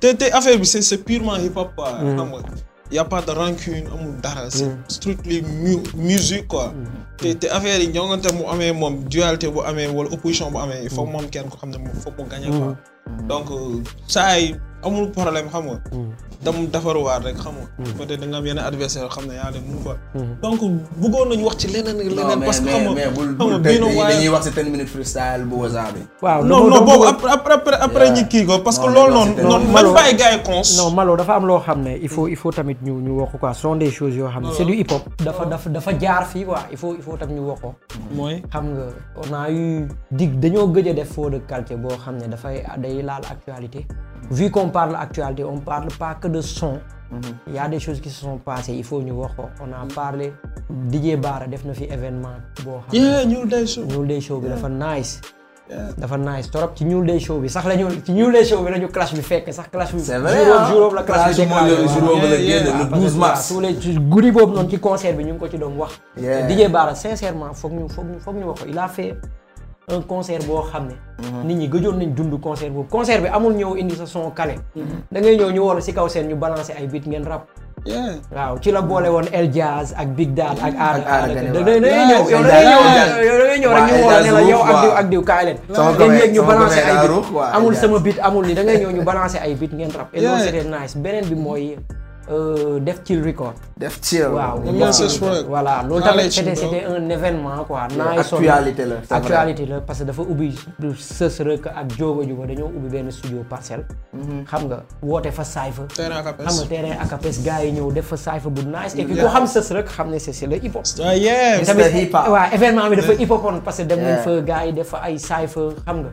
te affaire bi c'est c'est purement hip hop quoi. xam mm. a pas de rancune amul dara. Mm. c'est strictly mu musique mm. te affaire yi ñoŋante mu amee moom dualité bu amee wala opposition bu amee. foofu moom kenn ko xam ne moom foofu mu gagné quoi. donc saa euh, amul problème xam nga. Hmm. dam defaruwaat rek xam nga. Hmm. peut-être da nga am yenn adversaire xam ne yaa leen mun quoi. Hmm. donc bëggoon nañu wax ci leneen ak leneen. parce que xam dañuy wax si ten minutes freestyle bu wasaa bi. waaw non non boobu après après ñu kii ko parce que lool noonu. noonu man bàyyi gars yi cons. non Malo dafa am loo xam ne il faut il faut tamit ñu ñu wax ko quoi ce sont yoo xam ne c'est du hip hop. dafa dafa dafa jaar fii quoi il faut il faut tamit ñu wax ko. mooy xam nga on a eu dig dañoo gëj a def foo de quartier boo xam ne dafay day laal actualité vu qu'on parle actualité on parle pas que de son. ya mhm. y a des choses qui se sont il faut ñu wax ko on a parlé. DJ Bara def na fi événement. boo xam ne ñuul day show bi dafa nice. dafa nice trop ci ñuul day show bi sax la ñu ci ñuul day show bi la ñu clash bi fekk sax clash bi. c'est vrai ah. la clash bi la génn le 12 mars. tous les guddi boobu noonu ci concert bi ñu ngi ko ci doon wax. DJ Bara sincèrement foog ñu foog ñu foog ñu wax il a un concert boo xam ne. Mhm. nit ñi gëjoon nañ dund concert boobu concert bi amul ñëw indi sa son kale. Mhm. da ñëw ñu war si kaw seen ñu balancer ay beat ngeen rap. waaw ci la boole woon El Jazz ak Big Dal ak. ak Aada Gane da ngay ñëw yow da ngay ak ak diw kaay leen. ngeen yéeg ñu amul sama beat amul ni da ngay ñëw ñu balancer ay beat ngeen rap. beneen bi mooy. Euh, def chill record. def chill waaw voilà loolu tamit c'était c'était un événement quoi. naay sonn actualité la actualité la parce que dafa ubbi du sës rek ak jóoba juba dañoo ubbi benn studio parcelle. Mhm. xam nga woote fa saay fa. terrain akapes xam nga terrain akapes gars yi ñëw def fa saay fa bu nice. et puis ku xam sës rek xam ne c'est le ah, hip hop. waaw événement bi dafa hip hop parce que dem nañ fa gars yi def fa ay saay fa xam nga.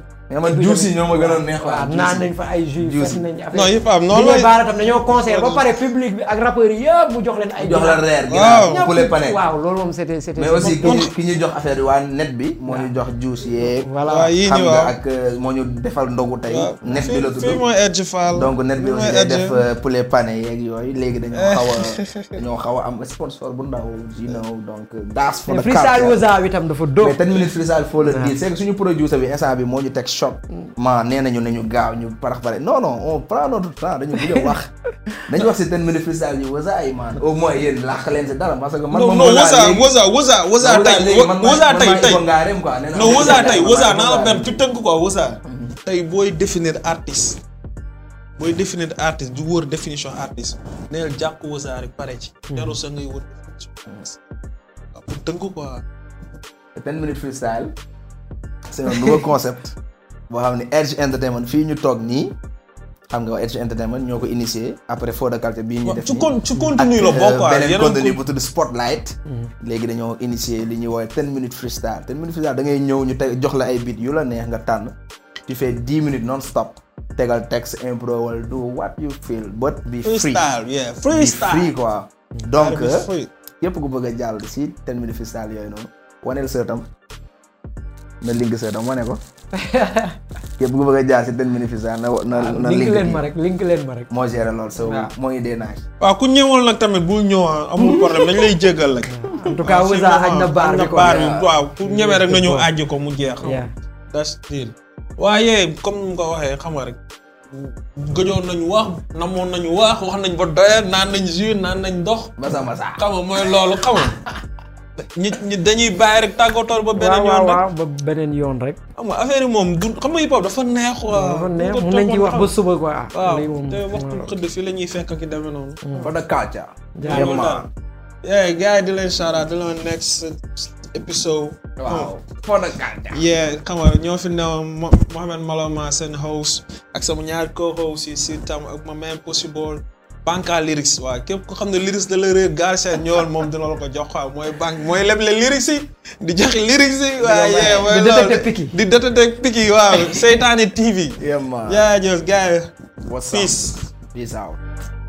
juice yi ñoo ma gën a neex waaw naan nañ fa ay jus fet nañ affaire non yëpp am noonu la baara tam dañoo concert ba pare public bi ak rappeurs yi ay jox ñu jox affaire yi waa net bi moo ñu jox juice yeeg voilà xam nga ak euh, moo ñu defal ndogu tey net bi la tudd mooy Edge Fall donc net bi aussi day def euh, poulet pané yeeg yooyu léegi dañoo xaw a xaw am sponsor bu ndaw you know donc daas euh, for the culture freestyle waza itam dafa dóor mais ten minutes freestyle faut bi moo ñu teg choc. ma nee nañu nañu gaaw ñu parax pare non non on prend a wax wax si ten minutes freestyle yi wasaay man au que man. moom moo laa tey wasa tey tey non wasa tey wasa naa la benn booy définir artiste. booy définir artiste du wër définition artiste neel jàkk wasaare pare ci. Hmm. jarul sa ngay wër définition artiste. tënk quoi. ten minutes freestyle. c'est un nouveau concept. boo xam ne Edge Entertainment fii ñu toog nii xam nga Edge Entertainment ñoo ko initié après faux de culture bii ñu def ci ci contenu la euh, bokk ak ah, beneen mm-hmm. dañoo initié li ñuy woowee ten minutes freestyle ten minutes da ngay ñëw ñu teg jox la ay beat yu la neex nga tànn tu fais dix minutes non stop tegal texte impro wala do what you feel but be free freestyle quoi mm-hmm. donc yëpp ku bëgg a jàll si ten minutes freestyle yooyu noonu waneel seetam na link seetam wane ko képp ku bëgg a jaar si ten bénéficiaire na na ah, na link leen ma rek link leen ma rek moo géré loolu so moo ngi dee naaj waaw ku ñëwoon nag tamit bu ñëwaa ah, amul problème dañ lay jégal rek en tout cas Ouza aj na ah, baar bi waaw ku ñëwee rek nañu àjji ko mu jeex that's deal waaye comme ni mu xam nga rek gëjoon nañu wax namoon nañu wax wax nañ ba doyal naan nañ jus naan nañ dox masa masa xam nga mooy loolu xam nga ñi ñi dañuy bàyyi rek tàggatoor ba ba beneen yoon rek. xam nga affaire moom du xam nga hip hop dafa neex. waaw dafa neex mun nañ ci wax ba suba quoi. waaw te waxtu xëdd fii la ñuy fekk ki demee noonu. Hmm. fa da kaaca. jaajëf maa jaajëf gars yi di leen saaraa di leen next episode. waaw hmm. fa da kaaca. yeah ñoo fi newoon Mouhamed Maloma seen host ak sama ñaari co-host yi si tam ak ma man possible. banque lyrics waaw képp ko xam ne lyrics da la réer garca ñëwal moom dina la ko jox waaw mooy banque mooy leble lyrics yi di joxe lyrics yi waaw yee mooy di détecté piki di détecté piki waaw seytaane TV jaajëf gars yi peace peace out